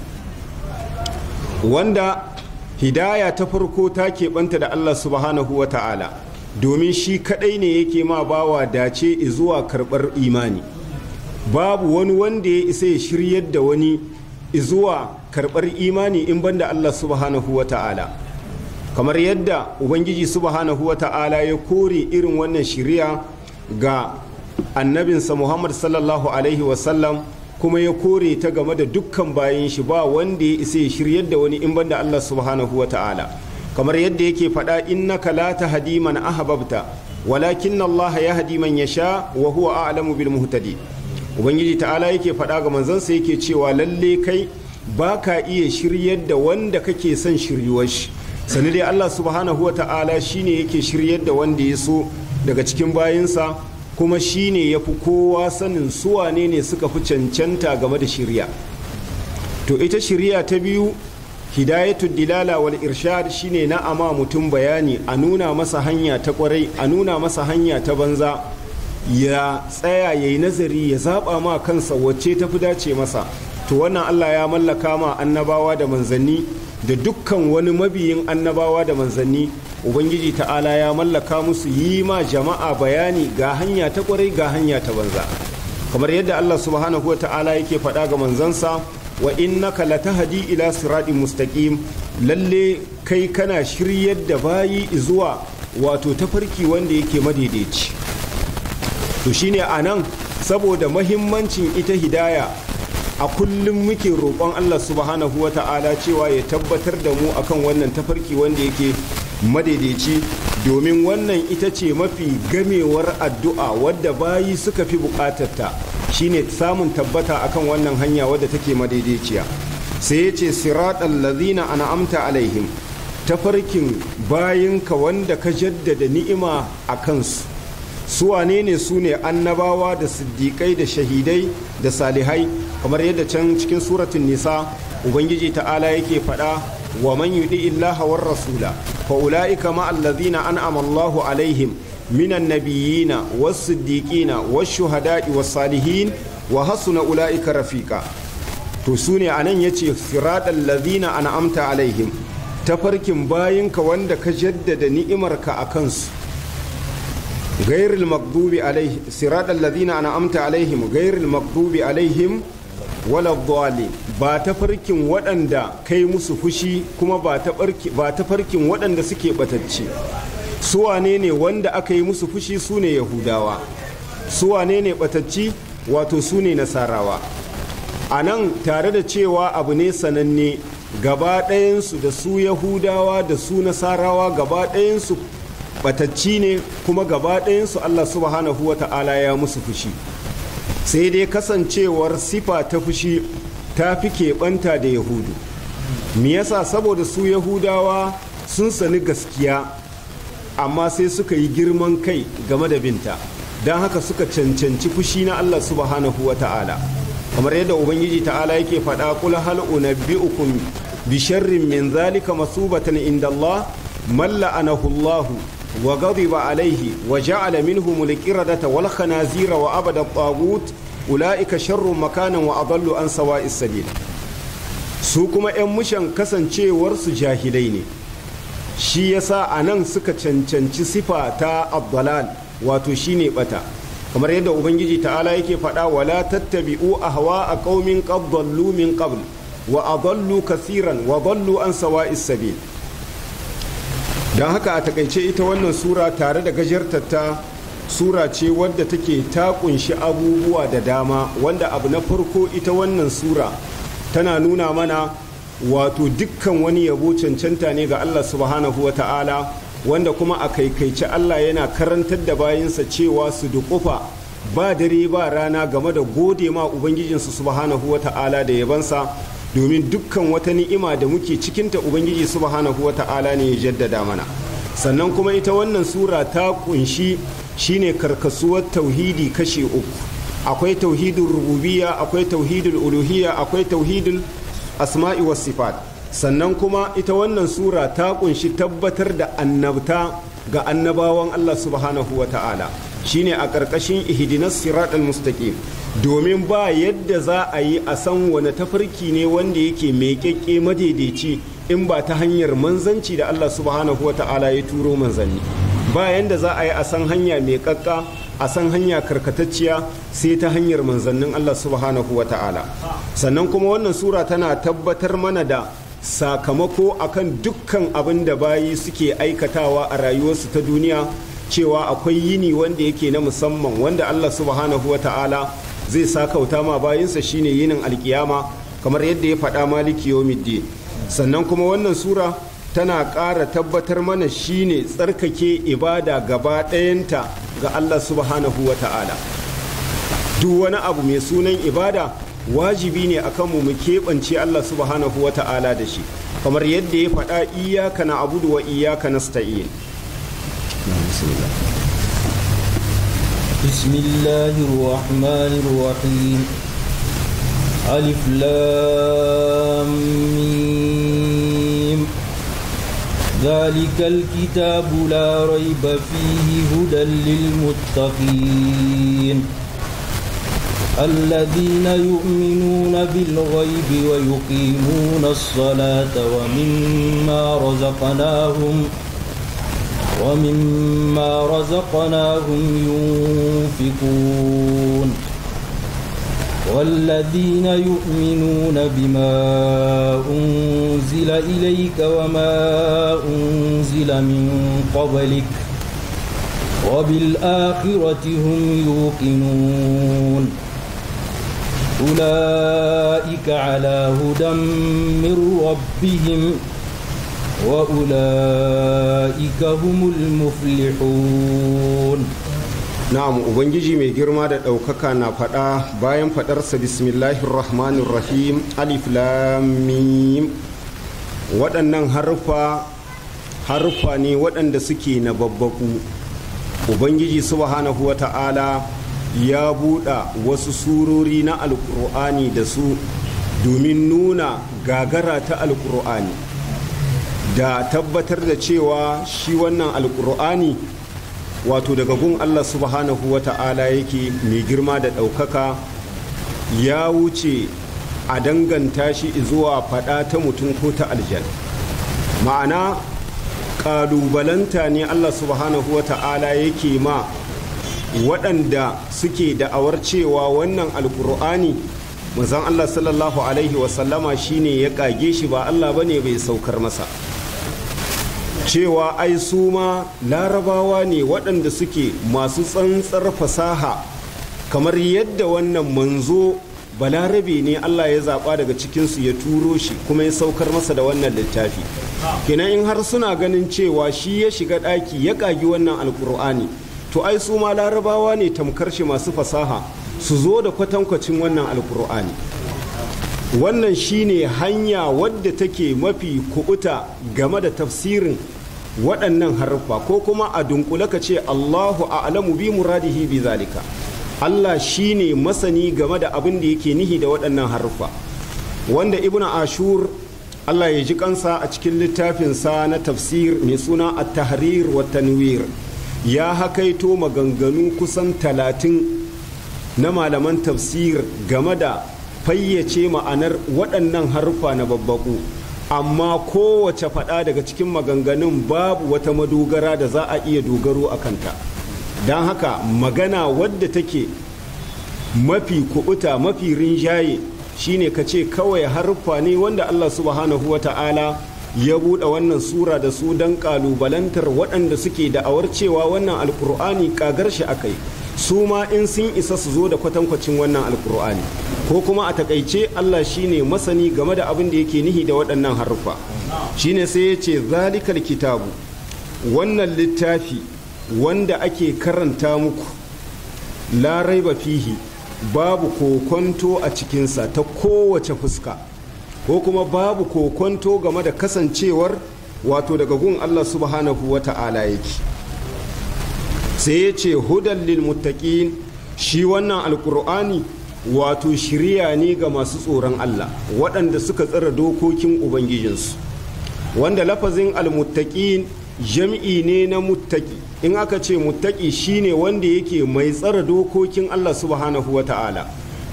wanda hidaya ta farko ta keɓanta da Allah subhanahu wa ta'ala domin shi kadai ne yake ma bawa dace zuwa karbar imani babu wani wanda ya isa ya shiryar da wani zuwa karbar imani in banda Allah subhanahu wa ta'ala kamar yadda ubangiji subhanahu wa ta'ala ya kore irin wannan shiriya ga annabinsa muhammad sallallahu alaihi wasallam kuma ya kore ta game da dukkan bayan shi ba wanda ya isa ya shiryar da wani in banda Allah subhanahu wa ta'ala kamar yadda yake faɗa innaka la tahdi man ahbabta walakin Allah yahdi man yasha wa huwa a'lamu bil muhtadi ubangiji ta'ala yake faɗa ga manzansa yake cewa lalle kai ba ka iya shiryar da wanda kake son shiryuwar shi sani dai Allah subhanahu wata'ala shine yake shiryar da wanda ya so daga cikin bayansa kuma shine ya fi kowa sanin suwane ne suka fi cancanta game da shirya to ita shirya ta biyu hidayatu dilala wal irshad shine na ama mutum bayani a nuna masa hanya ta kwarai a nuna masa hanya ta banza ya tsaya ya yi nazari ya zaba ma kansa wacce ta fi dace masa to wannan Allah ya mallaka ma annabawa da manzanni da dukkan wani mabiyin annabawa da manzanni ubangiji ta'ala ya mallaka musu yi ma jama'a bayani ga hanya ta kwarai ga hanya ta banza kamar yadda Allah subhanahu wa ta'ala yake faɗa ga manzansa wa innaka latahdi ila siratin mustaqim lalle kai kana shiryar da bayi zuwa wato tafarki wanda yake madaidaici to shine anan saboda mahimmancin ita hidaya a kullum muke roƙon Allah subhanahu wa ta'ala cewa ya tabbatar da mu akan wannan tafarki wanda yake madaidaici domin wannan ita ce mafi gamewar addu'a wadda bayi suka fi buƙatarta shine samun tabbata akan wannan hanya wadda take madaidaiciya sai ya ce siratal lazina an'amta alaihim tafarkin bayinka wanda ka jaddada ni'ima a kansu su wanene ne su ne annabawa da siddiƙai da shahidai da salihai kamar yadda can cikin suratun nisa ubangiji ta'ala yake faɗa wa man yudi illaha war rasula fa ulaika ma allazina an'ama Allahu alaihim من النبيين والصديقين والشهداء والصالحين وحسن أولئك رفيقا تسوني أن يتي صراط الذين أنعمت عليهم تفركم باينك وند كجدد نئمرك أكنس غير المغضوب عليه صراط الذين أنعمت عليهم غير المغضوب عليهم wala dhali ba ta farkin waɗanda kai musu fushi kuma ba ta farkin waɗanda suke batacce su wane ne wanda aka yi musu fushi su ne yahudawa su wane ne batacci wato su ne nasarawa a nan tare da cewa abu ne sananne gaba ɗayansu da su yahudawa da su nasarawa gaba ɗayansu batacci ne kuma gaba ɗayansu allah subhanahu wa ta'ala ya musu fushi sai dai kasancewar sifa ta fushi ta fi keɓanta da yahudu me yasa saboda su yahudawa sun sani gaskiya amma sai suka yi girman kai game da binta don haka suka cancanci fushi na Allah subhanahu wa ta'ala kamar yadda ubangiji ta'ala yake faɗa kula hal na bi sharrin min zalika masubatan inda Allah malla anahu Allah wa ba alaihi wa ja'ala minhum al-qiradata wal khanazira wa abada at ulaika sharrun makanan wa adallu an sawa'is sabil su kuma 'yan mushan kasancewarsu jahilai ne shi yasa a nan suka cancanci sifa ta abdalal wato ne bata kamar yadda ubangiji ta'ala yake faɗa wala tattabi'u hawa a ƙaumin ƙabdallu min ƙabl wa adallu kasiran wa dallu an sawa isabe. don haka a takaice ita wannan sura tare da ta sura ce wadda take ta kunshi abubuwa da dama wanda abu na farko ita wannan sura tana nuna mana wato dukkan wani yabo cancanta ne ga Allah subhanahu wa ta'ala wanda kuma a kaikaici Allah yana karantar da bayansa cewa su duƙufa ba dare ba rana game da gode ma ubangijinsu subhanahu wa ta'ala da yabansa domin dukkan wata ni'ima da muke cikinta ubangiji subhanahu wa ta'ala ne ya jaddada mana sannan kuma ita wannan sura ta kunshi shine karkasuwar tauhidi kashe uku akwai tauhidul rububiyya akwai tauhidul uluhiyya akwai tauhidul asma'i was sifat sannan kuma ita wannan sura ta kunshi tabbatar da annabta ga annabawan Allah subhanahu wa ta'ala shine a ƙarƙashin ihdinas siratal mustaqim domin ba yadda za a yi a san wani tafarki ne wanda yake mai meƙeƙe madaidaici in ba ta hanyar manzanci da Allah subhanahu wa ta'ala ya turo manzanni bayan da za a yi a san hanya mai kakka a san hanya karkatacciya sai ta hanyar manzannin Allah subhanahu wa ta'ala sannan kuma wannan sura tana tabbatar mana da sakamako akan dukkan abin da bayi suke aikatawa a rayuwarsu ta duniya cewa akwai yini wanda yake na musamman wanda Allah subhanahu wa ta'ala zai sakauta ma bayinsa shine yinin alkiyama kamar yadda ya faɗa maliki yawmiddin sannan kuma wannan sura tana ƙara tabbatar mana shine tsarkake ibada gaba ɗayanta ga Allah subhanahu wa ta'ala duk wani abu mai sunan ibada wajibi ne akan mu mu keɓance Allah subhanahu wa ta'ala da shi kamar yadda ya faɗa iyaka na abudu wa iyaka nasta'in بسم الله الرحمن الرحيم ألف ذلك الكتاب لا ريب فيه هدى للمتقين الذين يؤمنون بالغيب ويقيمون الصلاة ومما رزقناهم ومما رزقناهم ينفقون والذين يؤمنون بما أنزل إليك وما أنزل من قبلك وبالآخرة هم يوقنون أولئك على هدى من ربهم وأولئك هم المفلحون na'am ubangiji mai girma da ɗaukaka na faɗa bayan faɗarsa bismillahir rahmanir rahim alif lamim waɗannan harfa harfa ne waɗanda suke na babbaku ubangiji subhanahu wa ta'ala ya buɗa wasu surori na alƙur'ani da su domin nuna gagara ta alƙur'ani da tabbatar da cewa shi wannan alƙur'ani wato daga gun Allah subhanahu wa ta'ala yake mai girma da ɗaukaka ya wuce a danganta shi zuwa faɗa ta mutum ko ta aljan ma'ana ƙalubalanta ne Allah subhanahu wa ta'ala yake ma waɗanda suke da'awar cewa wannan alƙur'ani manzon Allah sallallahu alaihi wasallama shine ya ƙage shi ba Allah bane bai saukar masa cewa ai su ma larabawa ne waɗanda suke masu tsantsar fasaha kamar yadda wannan manzo balarabe ne allah ya zaɓa daga cikinsu ya turo shi kuma ya saukar masa da wannan littafi kenan in har suna ganin cewa shi ya shiga ɗaki ya ƙagi wannan alƙur'ani to ai su ma larabawa ne tamkar shi masu fasaha su zo da kwatankwacin wannan alƙur'ani wannan shine hanya wadda take mafi kuɓuta game da tafsirin waɗannan haruffa ko kuma a dunkule ka ce Allahu a'lamu bi muradihi bi zalika Allah shine masani game da abin da yake nihi da waɗannan haruffa wanda ibn ashur Allah ya ji kansa a cikin littafinsa na tafsir mai suna at-tahrir wa tanwir ya hakaito maganganu kusan talatin na malaman tafsir game da fayyace ma'anar waɗannan haruffa na babbaku amma kowace faɗa daga cikin maganganun babu wata madogara da za a iya dogaro a kanta don haka magana wadda take mafi kubuta mafi rinjaye shine ka ce kawai harfa ne wanda allah subhanahu wa ta'ala ya buɗe wannan sura da su don ƙalubalantar waɗanda suke da'awar cewa wannan alkur'ani ƙagar shi aka yi su ma in sun isa su zo da kwatankwacin wannan alkur'ani ko kuma a takaice Allah shine masani game da abin da yake nihi da waɗannan haruffa shine sai ya ce zalikal kitabu wannan littafi wanda ake karanta muku larai ba fihi babu kokonto a cikinsa ta kowace fuska ko kuma babu kokonto game da kasancewar wato daga gun Allah subhanahu wa ta'ala yake sai ya ce hudan lil muttaqin shi wannan alkur'ani wato shirya ne ga masu tsoron Allah waɗanda suka tsara dokokin ubangijinsu wanda lafazin almuttaqin jam'i ne na muttaki in aka ce muttaki shine wanda yake mai tsara dokokin Allah subhanahu wa ta'ala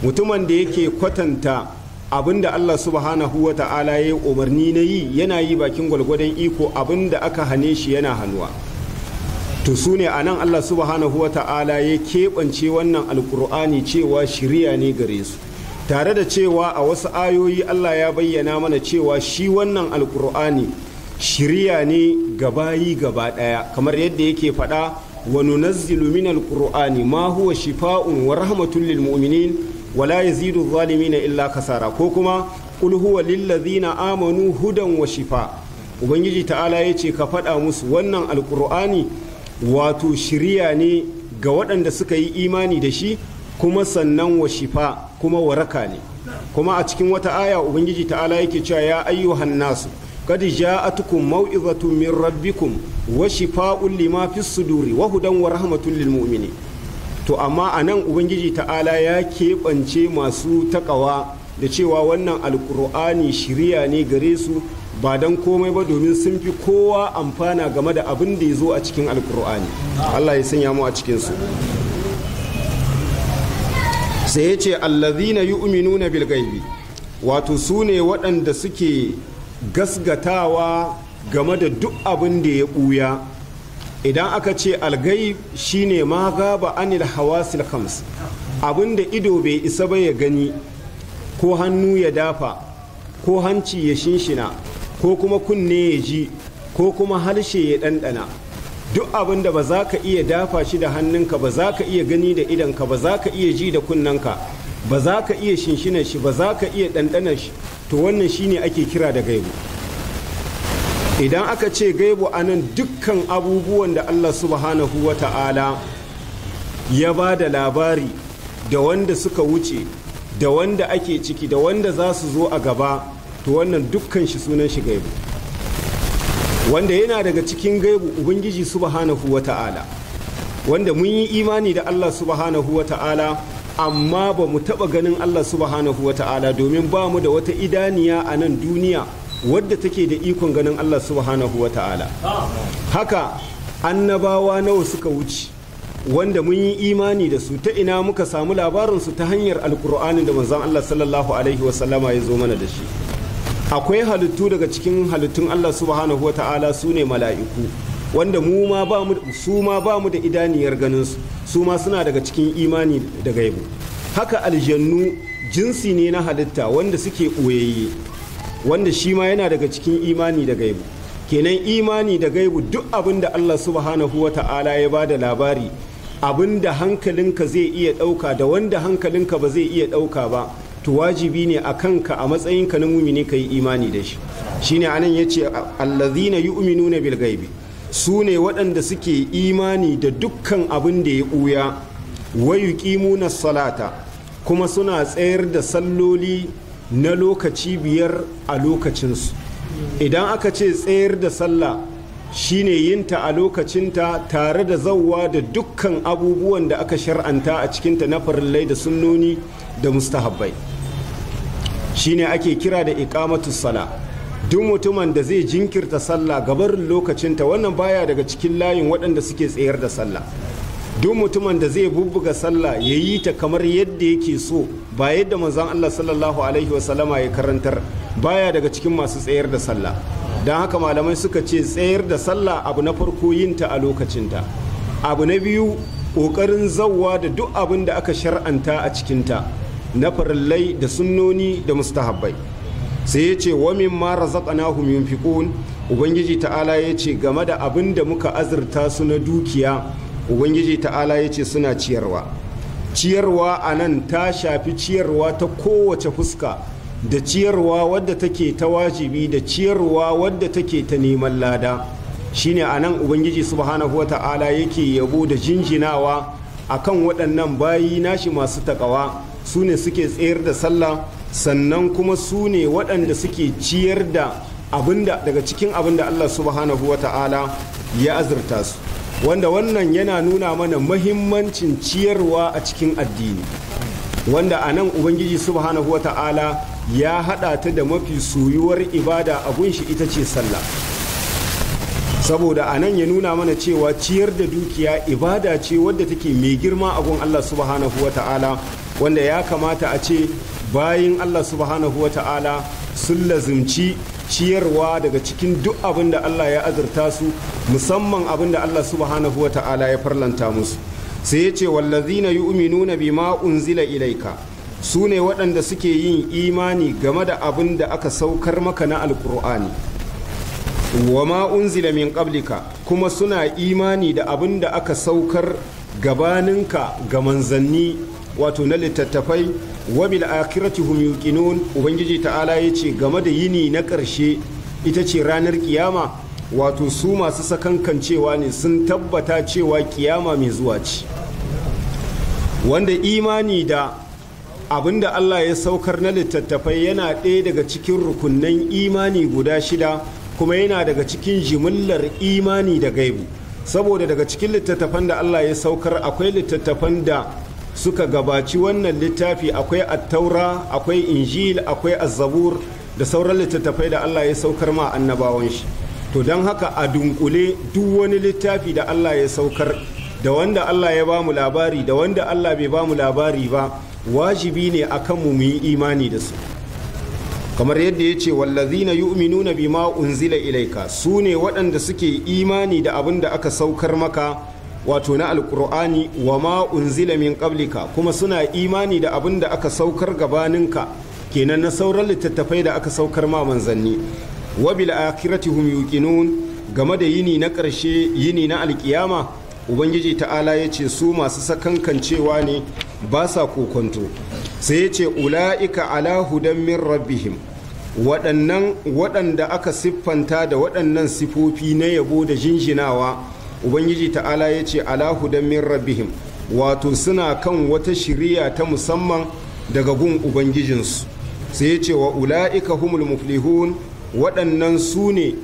mutumin da yake kwatanta abinda Allah subhanahu wa ta'ala ya umarni na yi yana yi bakin gwalgwadon iko abinda aka hane shi yana hannuwa to su ne a nan allah subhanahu wa ta'ala ya keɓance wannan alkur'ani cewa shirya ne gare su tare da cewa a wasu ayoyi allah ya bayyana mana cewa shi wannan alkur'ani shirya ne gabayi gaba ɗaya kamar yadda yake faɗa wani nazilu min alkur'ani ma huwa shifa'un wa rahmatun lil mu'minin wala yazidu na illa kasara ko kuma qul huwa lillazina amanu hudan wa shifa ubangiji ta'ala yace ka faɗa musu wannan alkur'ani wato shirya ne ga waɗanda suka yi imani da shi kuma sannan wa shifa kuma waraka ne kuma a cikin wata aya ubangiji ta'ala yake cewa ya ayyuhan nasu qad ja'atukum maw'izatun min rabbikum wa shifa'un lima fis suduri wa hudan wa rahmatun lil to amma anan ubangiji ta'ala ya keɓance masu takawa da cewa wannan alkur'ani shirya ne gare su ba don komai ba domin sun fi kowa amfana game da abin da ya zo a cikin alkur'ani allah ya sanya mu a cikinsu sai ya ce allazina yu'minuna na bilgaibi wato su ne waɗanda suke gasgatawa game da duk abin da ya ɓuya idan aka ce algai shine ma gaba anil hawasil khams abin da ido bai isa ba ya gani ko hannu ya dafa ko hanci ya shinshina ko kuma kunne ya ji ko kuma harshe ya ɗanɗana duk abin da ba za ka iya dafa shi da hannunka ba za ka iya gani da idanka ba za ka iya ji da kunnanka ba za ka iya shinshinan shi ba za ka iya ɗanɗanan shi to wannan shi ne ake kira da gaibu idan aka ce gaibu a nan dukkan abubuwan da allah subhanahu wa ta'ala ya ba da labari da wanda suka wuce da wanda ake ciki da wanda za su zo a gaba to wannan dukkan shi sunan shi gaibu wanda yana daga cikin gaibu ubangiji subhanahu wa ta'ala wanda mun yi imani da Allah subhanahu wa ta'ala amma ba mu taɓa ganin Allah subhanahu wa ta'ala domin ba mu da wata idaniya a nan duniya wadda take da ikon ganin Allah subhanahu wa ta'ala haka annabawa nawa suka wuce wanda mun yi imani da su ta ina muka samu labarinsu ta hanyar alkur'ani da manzan Allah sallallahu alaihi wasallama ya zo mana da shi akwai halittu daga cikin halittun Allah subhanahu wa ta'ala su ne mala'iku wanda mu ma ba mu su ma ba mu da idaniyar ganin su su ma suna daga cikin imani da gaibu haka aljannu jinsi ne na halitta wanda suke ɓoyayye wanda shi ma yana daga cikin imani da gaibu kenan imani da gaibu duk abin da Allah subhanahu wa ta'ala ya ba da labari abin da hankalinka zai iya ɗauka da wanda hankalinka ba zai iya ɗauka ba to wajibi ne a kanka a matsayin matsayinka na mumini ka yi imani da shi shine anan ya ce allazina yu'minuna bil bilgaibi. su ne waɗanda suke imani da dukkan abin da ya ɓuya wayu ƙimuna salata kuma suna tsayar da salloli na lokaci biyar a lokacinsu idan aka ce tsayar da sallah shine yinta a lokacinta tare da zauwa da dukkan abubuwan da aka shar'anta a cikinta na farillai da sunnoni da mustahabbai shine ake kira da ikamatu sala duk mutumin da zai jinkirta sallah gabarin lokacinta wannan baya daga cikin layin waɗanda suke tsayar da sallah duk mutumin da zai bubbuga sallah ya yi ta kamar yadda yake so ba yadda manzon Allah sallallahu alaihi wasallama ya karantar baya daga cikin masu tsayar da sallah don haka malamai suka ce tsayar da sallah abu na farko yinta a lokacinta abu na biyu ƙoƙarin zauwa da duk abin da aka shar'anta a cikinta na farallai da sunnoni da mustahabbai sai ya ce wa min ma humin fiƙon ubangiji ta'ala ya ce game da abin da muka azurta su na dukiya ubangiji ta'ala ya ce suna ciyarwa ciyarwa a nan ta shafi ciyarwa ta kowace fuska da ciyarwa wadda take ta wajibi da ciyarwa wadda take ta neman lada shine a nan ubangiji subhanahu wa ta'ala yake yabo da jinjinawa akan waɗannan bayi nashi masu takawa su ne suke tsayar da sallah sannan kuma su ne waɗanda suke ciyar da abinda daga cikin abinda Allah subhanahu wa ta'ala ya azurta su wanda wannan yana nuna mana mahimmancin ciyarwa a cikin addini wanda a nan ubangiji subhanahu wa ta'ala ya haɗa ta da mafi soyuwar ibada abun shi ita ce sallah saboda a nan ya nuna mana cewa ciyar da dukiya ibada ce wadda take mai girma a gun Allah subhanahu wa ta'ala wanda ya kamata a ce bayan Allah subhanahu wa ta'ala sun lazimci ciyarwa daga cikin duk abin da Allah ya azurta su musamman abin da Allah subhanahu wa ta'ala ya farlanta musu sai ya ce wallazina yu'minuna bima unzila ilaika su ne waɗanda suke yin imani game da abin da aka saukar maka na alkur'ani wa ma'unzila min ƙablika kuma suna imani da abin da aka saukar gabaninka ga manzanni wato na littattafai wa bil akirati hum yuqinun ubangiji ta'ala ya ce game da yini na ƙarshe ita ce ranar kiyama wato su masu sakankancewa ne sun tabbata cewa kiyama mai zuwa ce wanda imani da abinda Allah ya saukar na littattafai yana ɗaya daga cikin rukunnan imani guda shida kuma yana daga cikin jimillar imani da gaibu saboda daga cikin littattafan da Allah ya saukar akwai littattafan da suka gabaci wannan littafi akwai attaura akwai injil akwai azzabur da sauran littattafai da Allah ya saukar ma annabawan shi to don haka a dunkule duk wani littafi da Allah ya saukar da wanda Allah ya ba mu labari da wanda Allah bai ba mu labari ba wajibi ne a mu mu yi imani da su kamar yadda ya ce wallazina yu'minuna bima unzila ilaika su ne waɗanda suke imani da abin da aka saukar maka wato na alkur'ani wa ma unzila min qablika kuma suna imani da abin da aka saukar gabaninka kenan na sauran littattafai da aka saukar ma manzanni wa bil akhirati hum yuqinun game da yini na ƙarshe yini na alkiyama ubangiji ta'ala ya ce su masu sakankancewa ne ba sa kokonto sai ya ce ula'ika ala hudan min rabbihim waɗannan waɗanda aka siffanta da waɗannan sifofi na yabo da jinjinawa ubangiji ta'ala ya ce ala hudan min rabbihim wato suna kan wata shiriya ta musamman daga gun ubangijinsu sai ya ce wa ula'ika humul muflihun waɗannan su ne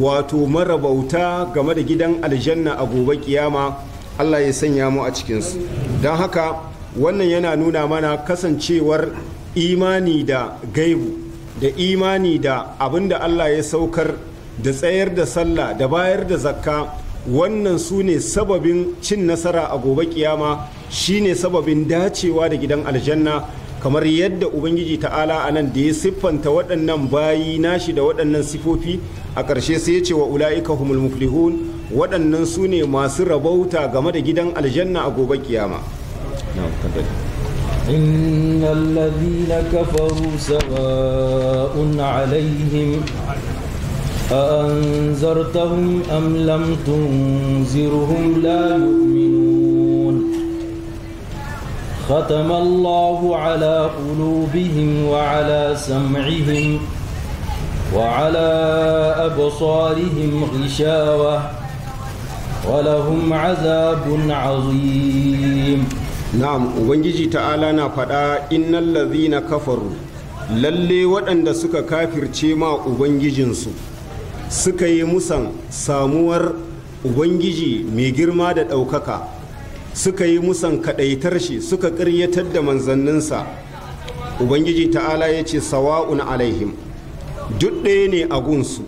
wato marabauta game da gidan aljanna a gobe kiyama allah ya sanya mu a cikinsu don haka wannan yana nuna mana kasancewar imani da gaibu da imani da abin da Allah ya saukar da tsayar da sallah da bayar da zakka wannan su ne sababin cin nasara a gobe kiyama shi ne sababin dacewa da gidan aljanna kamar yadda ubangiji ta'ala a nan da ya siffanta waɗannan bayi nashi da waɗannan sifofi a ƙarshe sai ya ce wa ula'ika humul muflihun waɗannan su ne masu rabauta game da gidan aljanna a gobe kiyama نعم تفضل إن الذين كفروا سواء عليهم أأنذرتهم أم لم تنذرهم لا يؤمنون ختم الله على قلوبهم وعلى سمعهم وعلى أبصارهم غشاوة ولهم عذاب عظيم na'am ubangiji ta'ala na faɗa innal ladhina kafaru lalle waɗanda suka kafirce ma ubangijinsu suka yi musan samuwar ubangiji mai girma da ɗaukaka suka yi musan kaɗaitar shi suka ƙiryatar da manzanninsa ubangiji ta'ala ya ce sawa'un alaihim duk ɗaya ne a gunsu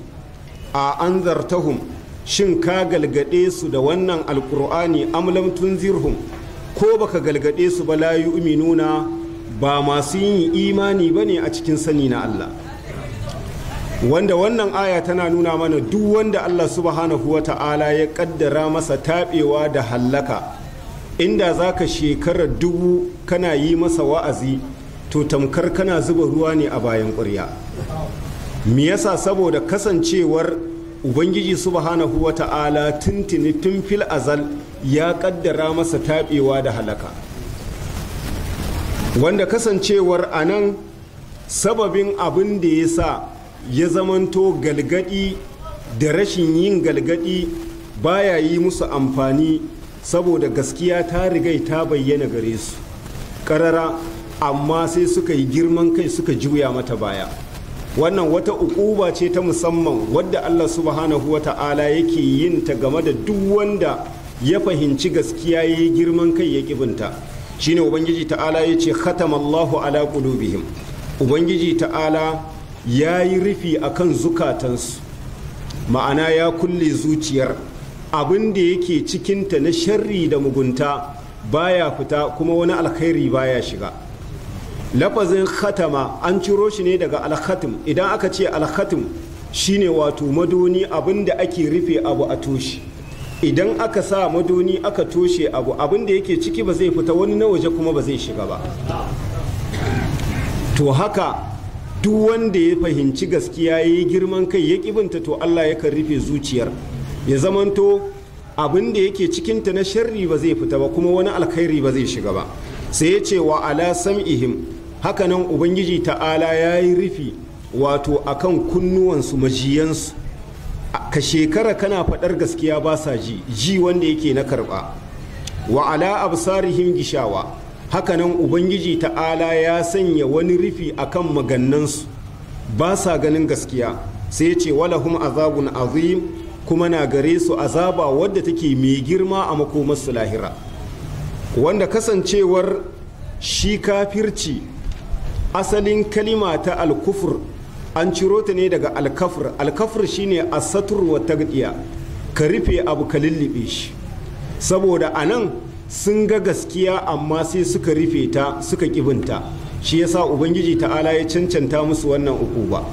a an zartahum shin ka galgade su da wannan alƙur'ani amlam tunzirhum ko baka galgade su ba la nuna ba masu yin imani ba ne a cikin sani na Allah wanda wannan aya tana nuna mana duk wanda Allah subhanahu wa ta'ala ya kaddara masa taɓewa da hallaka inda za ka shekarar dubu kana yi masa wa'azi to tamkar kana zuba ruwa ne a bayan ƙurya me yasa saboda kasancewar ubangiji subhanahu wa ta'ala tuntuni tun fil azal ya kaddara masa taɓewa da halaka wanda kasancewar a nan sababin abin da ya sa ya zamanto galgadi da rashin yin galgadi baya yi musu amfani saboda gaskiya ta rigai ta bayyana gare su karara amma sai suka yi girman kai suka juya mata baya wannan wata ukuba ce ta musamman wadda allah subhanahu wa ta'ala yake yin ta game da duk wanda ya fahimci gaskiya ya yi girman kai ya kibinta shine ubangiji ta'ala ya ce khatamallahu ala qulubihim ubangiji ta'ala ya yi rufi kan zukatansu ma'ana ya kulle zuciyar abin da yake cikinta na sharri da mugunta baya fita kuma wani alkhairi baya shiga lafazin khatama an ciro shi ne daga alkhatim idan aka ce alkhatim shine wato madoni abin da ake rufe abu a toshi idan aka sa madoni aka toshe abu abin da yake ciki ba zai fita wani na waje kuma ba zai shiga ba to haka duk wanda ya fahimci gaskiya ya yi girman kai ya kibinta to Allah ya yakan rufe zuciyar ya zamanto abin da yake cikinta na sharri ba zai fita ba kuma wani alkhairi ba zai shiga ba sai ya ce wa ala sam'ihim hakanan ubangiji ta'ala ya yi rufi wato akan kunnuwansu majiyansu ka shekara kana faɗar gaskiya ba sa ji ji wanda yake na karɓa wa ala absarihim gishawa hakanan ubangiji ta'ala ya sanya wani rufi akan magannansu ba sa ganin gaskiya sai ce walahum azabun azim kuma na gare su azaba wadda take mai girma a makomarsu lahira wanda kasancewar shi kafirci asalin kalima ta alkufur an ciro ta ne daga alkafir alkafir shine saturwa wa tagdiya ka rufe abu ka lullube shi saboda a nan sun ga gaskiya amma sai suka rufe ta suka kibinta shi yasa ubangiji ta'ala ya cancanta musu wannan uku ba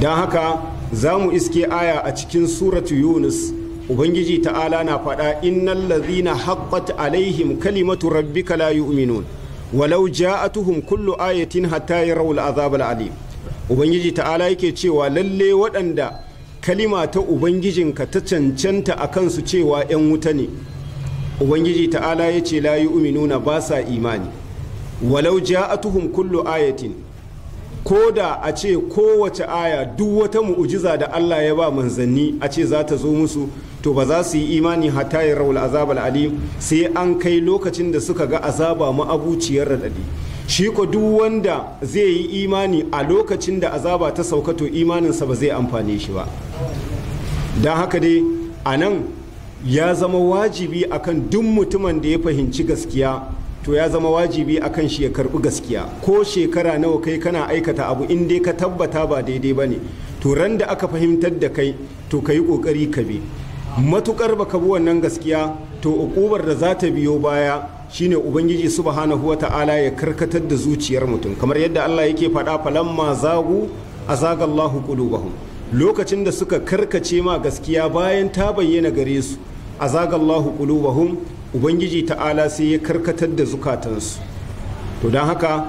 don haka za mu iske aya a cikin suratu yunus ubangiji ta'ala na faɗa innal ladhina haqqat alaihim kalimatu rabbika la yu'minun walau ja'atuhum kullu ayatin hatta yarawul azab alim ubangiji ta'ala yake cewa lalle waɗanda kalima ta ubangijinka ta cancanta a kansu cewa 'yan wuta ne ubangiji ta'ala ya ce layi uminuna ba sa imani walau tuhum kullu ayatin ko da a ce kowace aya duk wata mu'ujiza da allah ya ba manzanni a ce za ta zo musu to ba za su yi imani hatayin ya raul azabal alim sai an kai lokacin da suka ga azaba ma'abuciyar radadi shi ko duk wanda zai yi imani a lokacin da azaba ta sauka to imaninsa ba zai amfane shi ba don haka dai a nan ya zama wajibi akan duk mutumin da ya fahimci gaskiya to ya zama wajibi akan shi ya karbi gaskiya ko shekara nawa kai kana aikata abu in dai ka tabbata ba daidai ba ne to ran da aka fahimtar da kai to ka yi kokari ka bi matukar ba ka bi wannan gaskiya to uƙubar da za ta biyo baya shine ubangiji subhanahu wa ta'ala ya karkatar da zuciyar mutum kamar yadda Allah yake faɗa falamma zagu a zagallahu qulubahum lokacin da suka karkace ma gaskiya bayan ta bayyana gare su a zagallahu qulubahum ubangiji ta'ala sai ya karkatar da zukatansu to don haka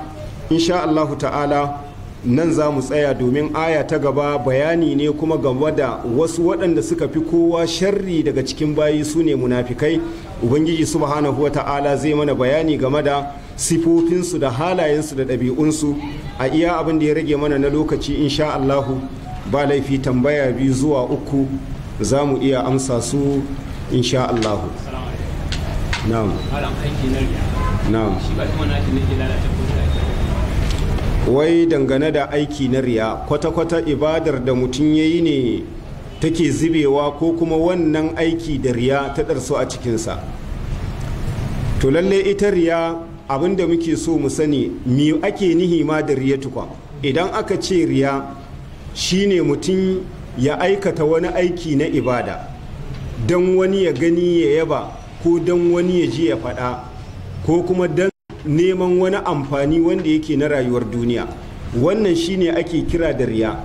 insha Allah ta'ala nan za mu tsaya domin aya ta gaba bayani ne kuma game da wasu waɗanda suka fi kowa sharri daga cikin bayi su ne munafikai ubangiji subhanahu wa ta'ala zai mana bayani game da sifofinsu da halayensu da ɗabi'unsu a iya abin da ya rage mana na lokaci insha allahu ba laifi tambaya biyu zuwa uku za mu iya amsa su insha allahu wai dangane da aiki na riya kwata-kwata ibadar da mutum ya yi ne take zubewa ko kuma wannan aiki da riya ta ɗarsu a cikinsa to lalle ita riya abinda muke so mu sani mi ake nihi ma da riya tukwa idan aka ce riya shine mutum ya aikata wani aiki na ibada don wani ya gani ya yaba ko don wani ya ji ya faɗa ko kuma don neman wani amfani wanda yake na rayuwar duniya wannan shine ake kira da riya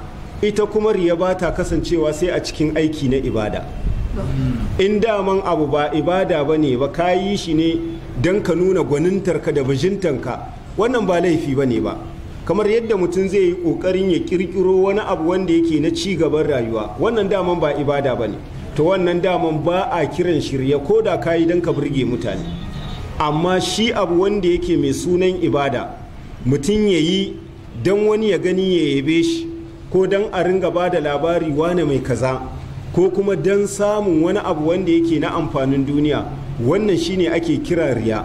ita kuma riya ba ta kasancewa sai a cikin aiki na ibada in daman abu ba ibada ba ne ba ka yi shi ne don ka nuna gwanintarka da bajintanka wannan ba laifi ba ne ba kamar yadda mutum zai yi kokarin ya kirkiro wani abu wanda yake na ci gaban rayuwa wannan daman ba ibada ba ne to wannan daman ba a kiran shirya ko da ka yi don ka burge mutane amma shi abu wanda yake mai sunan ibada mutum ya yi don wani ya gani ya yabe shi ko don a ringa ba da labari wane mai kaza ko kuma don samun wani abu wanda yake na amfanin duniya wannan shine ake kira riya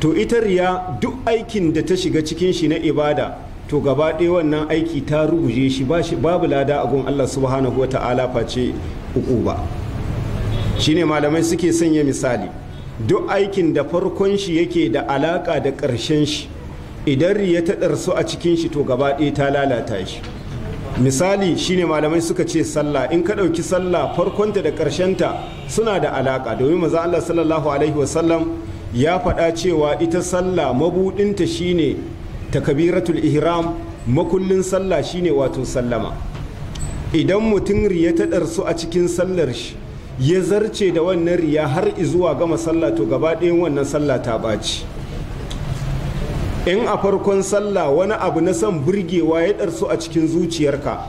to ita riya duk aikin da ta shiga cikin shi na ibada to gaba ɗaya wannan aiki ta rubuje shi babu lada a gun Allah subhanahu wa ta'ala face uku ba shine malamai suke sanya misali duk aikin da farkon shi yake da alaka da ƙarshen shi idan riya ta ɗarsu a cikin shi to gaba ɗaya ta lalata shi misali shine malamai suka ce sallah in ka ɗauki sallah farkonta da ƙarshenta suna da alaka domin maza Allah sallallahu alaihi wasallam ya faɗa cewa ita sallah mabuɗinta shine takabiratul ihram makullin sallah shine wato sallama idan mutum riya ta ɗarsu a cikin sallar shi ya zarce da wannan riya har zuwa gama sallah to gaba ɗayan wannan sallah ta ɓaci in a farkon sallah wani abu na son burgewa ya ɗarsu a cikin zuciyarka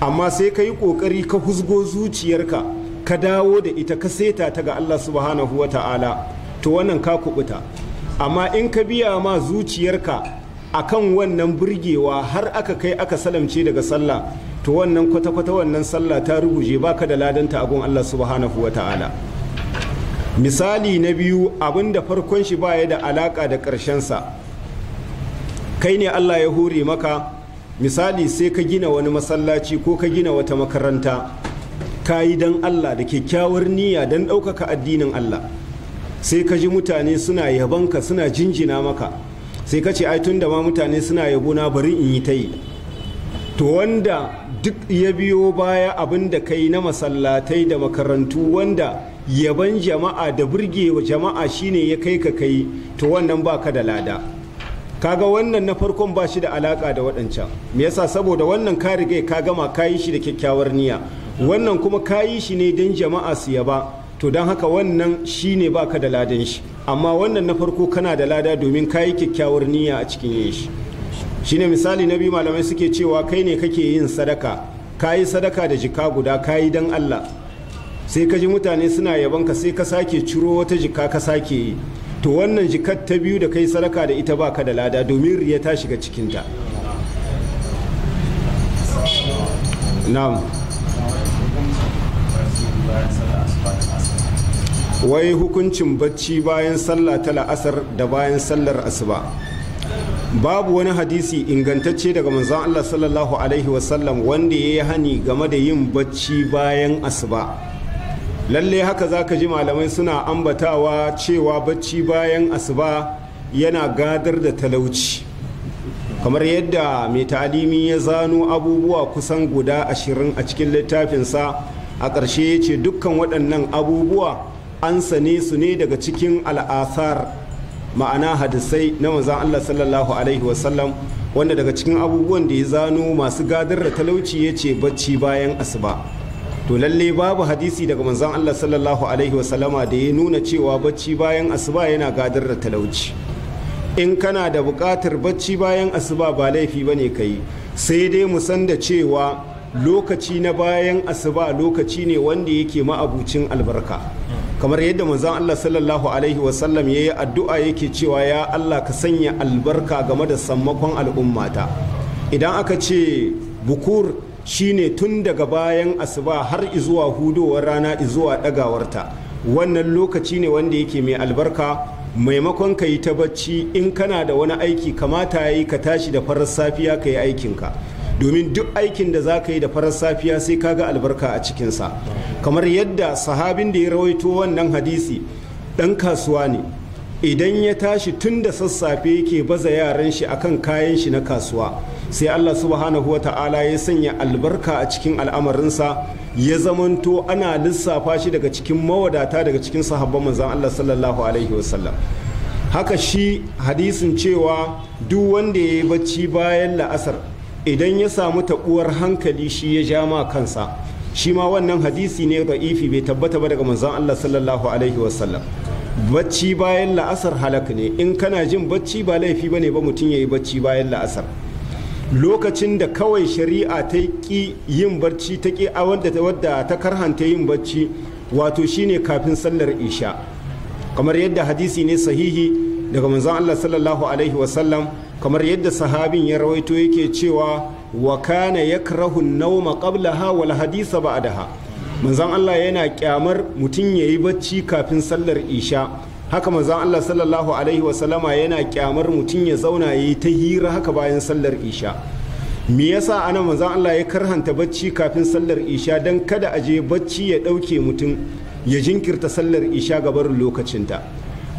amma sai ka yi ƙoƙari ka husgo zuciyarka ka dawo da ita ka saita ta ga Allah subhanahu wa ta'ala to wannan ka kubuta amma in ka biya ma zuciyarka akan wannan burgewa har aka kai aka salamce daga sallah to wannan kwata-kwata wannan sallah ta ruguje baka da ladanta agun Allah subhanahu wa ta'ala misali na biyu abinda farkon shi baya da alaka da ƙarshen sa. kai ne Allah ya hore maka misali sai ka gina wani masallaci ko ka gina wata makaranta ka yi don Allah da kyakkyawar niyya don ɗaukaka addinin Allah sai ka ji mutane suna yabanka suna jinjina maka sai ka ce ai tun da ma mutane suna yabo na bari in yi ta yi to wanda duk ya biyo baya abin da kai na masallatai da makarantu wanda yaban jama'a da burge jama'a shine ya kai ka kai to wannan ba ka da lada kaga wannan na farkon ba shi da alaka da waɗancan me yasa saboda wannan ka riga ka gama ka yi shi da kyakkyawar niyya wannan kuma kayi shi ne don jama'a su yaba to don haka wannan shi ne ba ka da ladan shi amma wannan na farko kana da lada domin ka yi kyakkyawar niyya a cikin yin shi shi ne misali na biyu malamai suke cewa kai ne kake yin sadaka ka yi sadaka da jika guda ka yi don allah sai ka ji mutane suna yaban ka sai ka sake ciro wata jika ka sake yi to wannan jikar ta biyu da kai sadaka da ita ba ka da lada domin riya ta shiga cikinta na'am wai hukuncin bacci bayan sallah ta la'asar da bayan sallar asuba babu wani hadisi ingantacce daga manzon Allah sallallahu alaihi wasallam wanda ya yi hani game da yin bacci bayan asuba lalle haka zaka ji malamai suna ambatawa cewa bacci bayan asuba yana gadar da talauci kamar yadda mai ta'alimi ya zano abubuwa kusan guda ashirin a cikin littafinsa a ƙarshe ya ce dukkan waɗannan abubuwa an sane su ne daga cikin al'asar ma'ana hadisai na manzan Allah sallallahu alaihi wasallam wanda daga cikin abubuwan da ya zano masu gadar da talauci ya ce bacci bayan asuba to lalle babu hadisi daga manzan Allah sallallahu alaihi wasallama da ya nuna cewa bacci bayan asuba yana gadar da talauci in kana da buƙatar bacci bayan asuba ba laifi bane kai sai dai mu san da cewa lokaci na bayan asuba lokaci ne wanda yake ma'abucin albarka kamar yadda manzon Allah sallallahu alaihi wa ya yi addu'a yake cewa ya Allah ka sanya albarka game da sammakon al'ummata idan aka ce bukur shine tun daga bayan asuba har izuwa hudowar rana izuwa dagawarta wannan lokaci ne wanda yake mai albarka maimakon ka yi ta bacci in kana da wani aiki kamata ya yi ka tashi da farar safiya ka yi aikinka domin duk aikin da za ka yi da farar safiya sai ka ga albarka a cikinsa kamar yadda sahabin da ya rawaito wannan hadisi ɗan kasuwa ne idan ya tashi tun da sassafe yake baza yaran shi akan kayan shi na kasuwa sai Allah subhanahu wa ta'ala ya sanya albarka a cikin al'amarinsa ya zamanto ana lissafa shi daga cikin mawadata daga cikin sahabban manzan Allah sallallahu alaihi wasallam haka shi hadisin cewa duk wanda ya yi bacci bayan la'asar idan ya samu taɓuwar hankali shi ya ja ma kansa shi ma wannan hadisi ne da'ifi bai tabbata ba daga manzon Allah sallallahu alaihi wasallam bacci bayan la'asar halak ne in kana jin bacci ba laifi ba ne ba mutum ya yi bacci bayan la'asar lokacin da kawai shari'a ta ƙi yin barci ta ƙi a wadda ta karhanta yin barci wato shine kafin sallar isha kamar yadda hadisi ne sahihi daga manzon Allah sallallahu alaihi wasallam kamar yadda sahabin ya rawaito yake cewa wa kana karahu nauma kabla qablaha wal hadisa ba'daha manzon Allah yana kyamar mutum yayi bacci kafin sallar isha haka manzon Allah sallallahu alaihi wa yana kyamar mutum ya zauna yayi ta hira haka bayan sallar isha me yasa ana manzon Allah ya karhanta bacci kafin sallar isha dan kada aje bacci ya dauke mutum ya jinkirta sallar isha gabarin lokacinta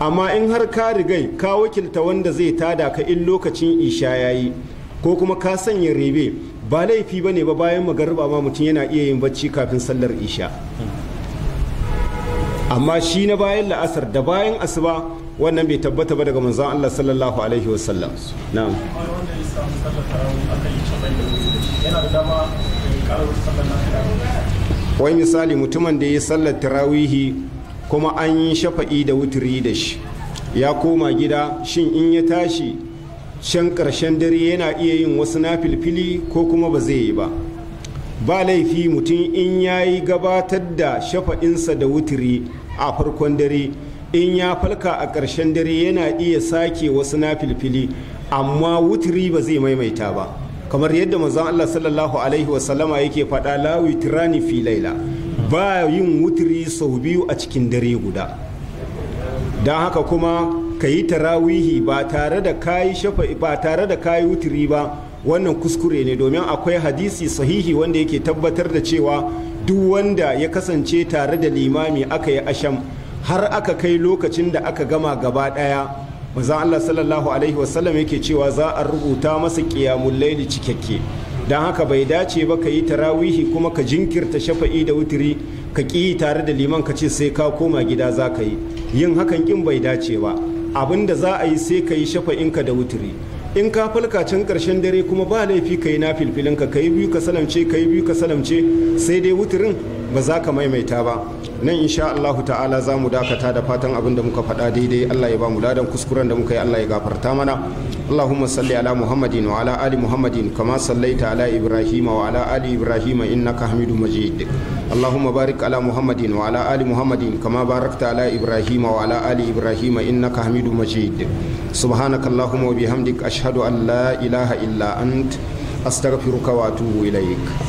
amma in har ka rigai ka wakilta wanda zai tada ka in lokacin isha yayi ko kuma ka sanya rebe ba laifi ba ne ba bayan magariba ma mutum yana iya yin bacci kafin sallar isha amma shi na bayan la'asar da bayan asuba wannan bai tabbata ba daga manzon Allah sallallahu alaihi wasallam na'am wai misali mutumin da ya sallar tarawihi kuma an yi shafa'i da wuturi da shi ya koma gida shin in ya tashi shan ƙarshen dare yana iya yin wasu na filfili ko kuma ba zai yi ba ba laifi mutum in ya yi gabatar da shafa'insa da wuturi a farkon dare in ya falka a ƙarshen dare yana iya sake wasu na filfili amma wuturi ba zai maimaita ba kamar yadda manzon Allah sallallahu alaihi wasallama yake faɗa la witrani fi laila ba yin wutiri sau biyu a cikin dare guda don haka kuma ka yi tarawihi ba tare da kayi ba tare da kayi wutiri ba wannan kuskure ne domin akwai hadisi sahihi wanda yake tabbatar da cewa duk wanda ya kasance tare da limami aka yi asham har aka kai lokacin da aka gama gaba daya a Allah sallallahu alaihi wasallam yake cewa za a rubuta masa qiyamul laili cikakke don haka bai dace ba ka yi tarawihi kuma ka jinkirta shafa'i da wuturi ka ƙi tare da liman ka ce sai ka koma gida za ka yi yin hakan kin bai dace ba abin da za a yi sai ka yi shafa'inka da wuturi in ka falka can ƙarshen dare kuma ba laifi ka yi na filfilinka ka yi biyu ka salamce ka yi biyu ka salamce sai dai wuturin. ba za ka maimaita ba nan insha Allah ta'ala za mu dakata da fatan abin da muka faɗa daidai Allah ya ba mu ladan kuskuren da muka yi Allah ya gafarta mana Allahumma salli ala Muhammadin wa ala ali Muhammadin kama sallaita ala Ibrahim wa ala ali Ibrahim innaka Hamidum Majid Allahumma barik ala Muhammadin wa ala ali Muhammadin kama barakta ala Ibrahim wa ala ali Ibrahim innaka Hamidum Majid subhanakallahumma wa bihamdik ashhadu an la ilaha illa ant astaghfiruka wa atubu ilaik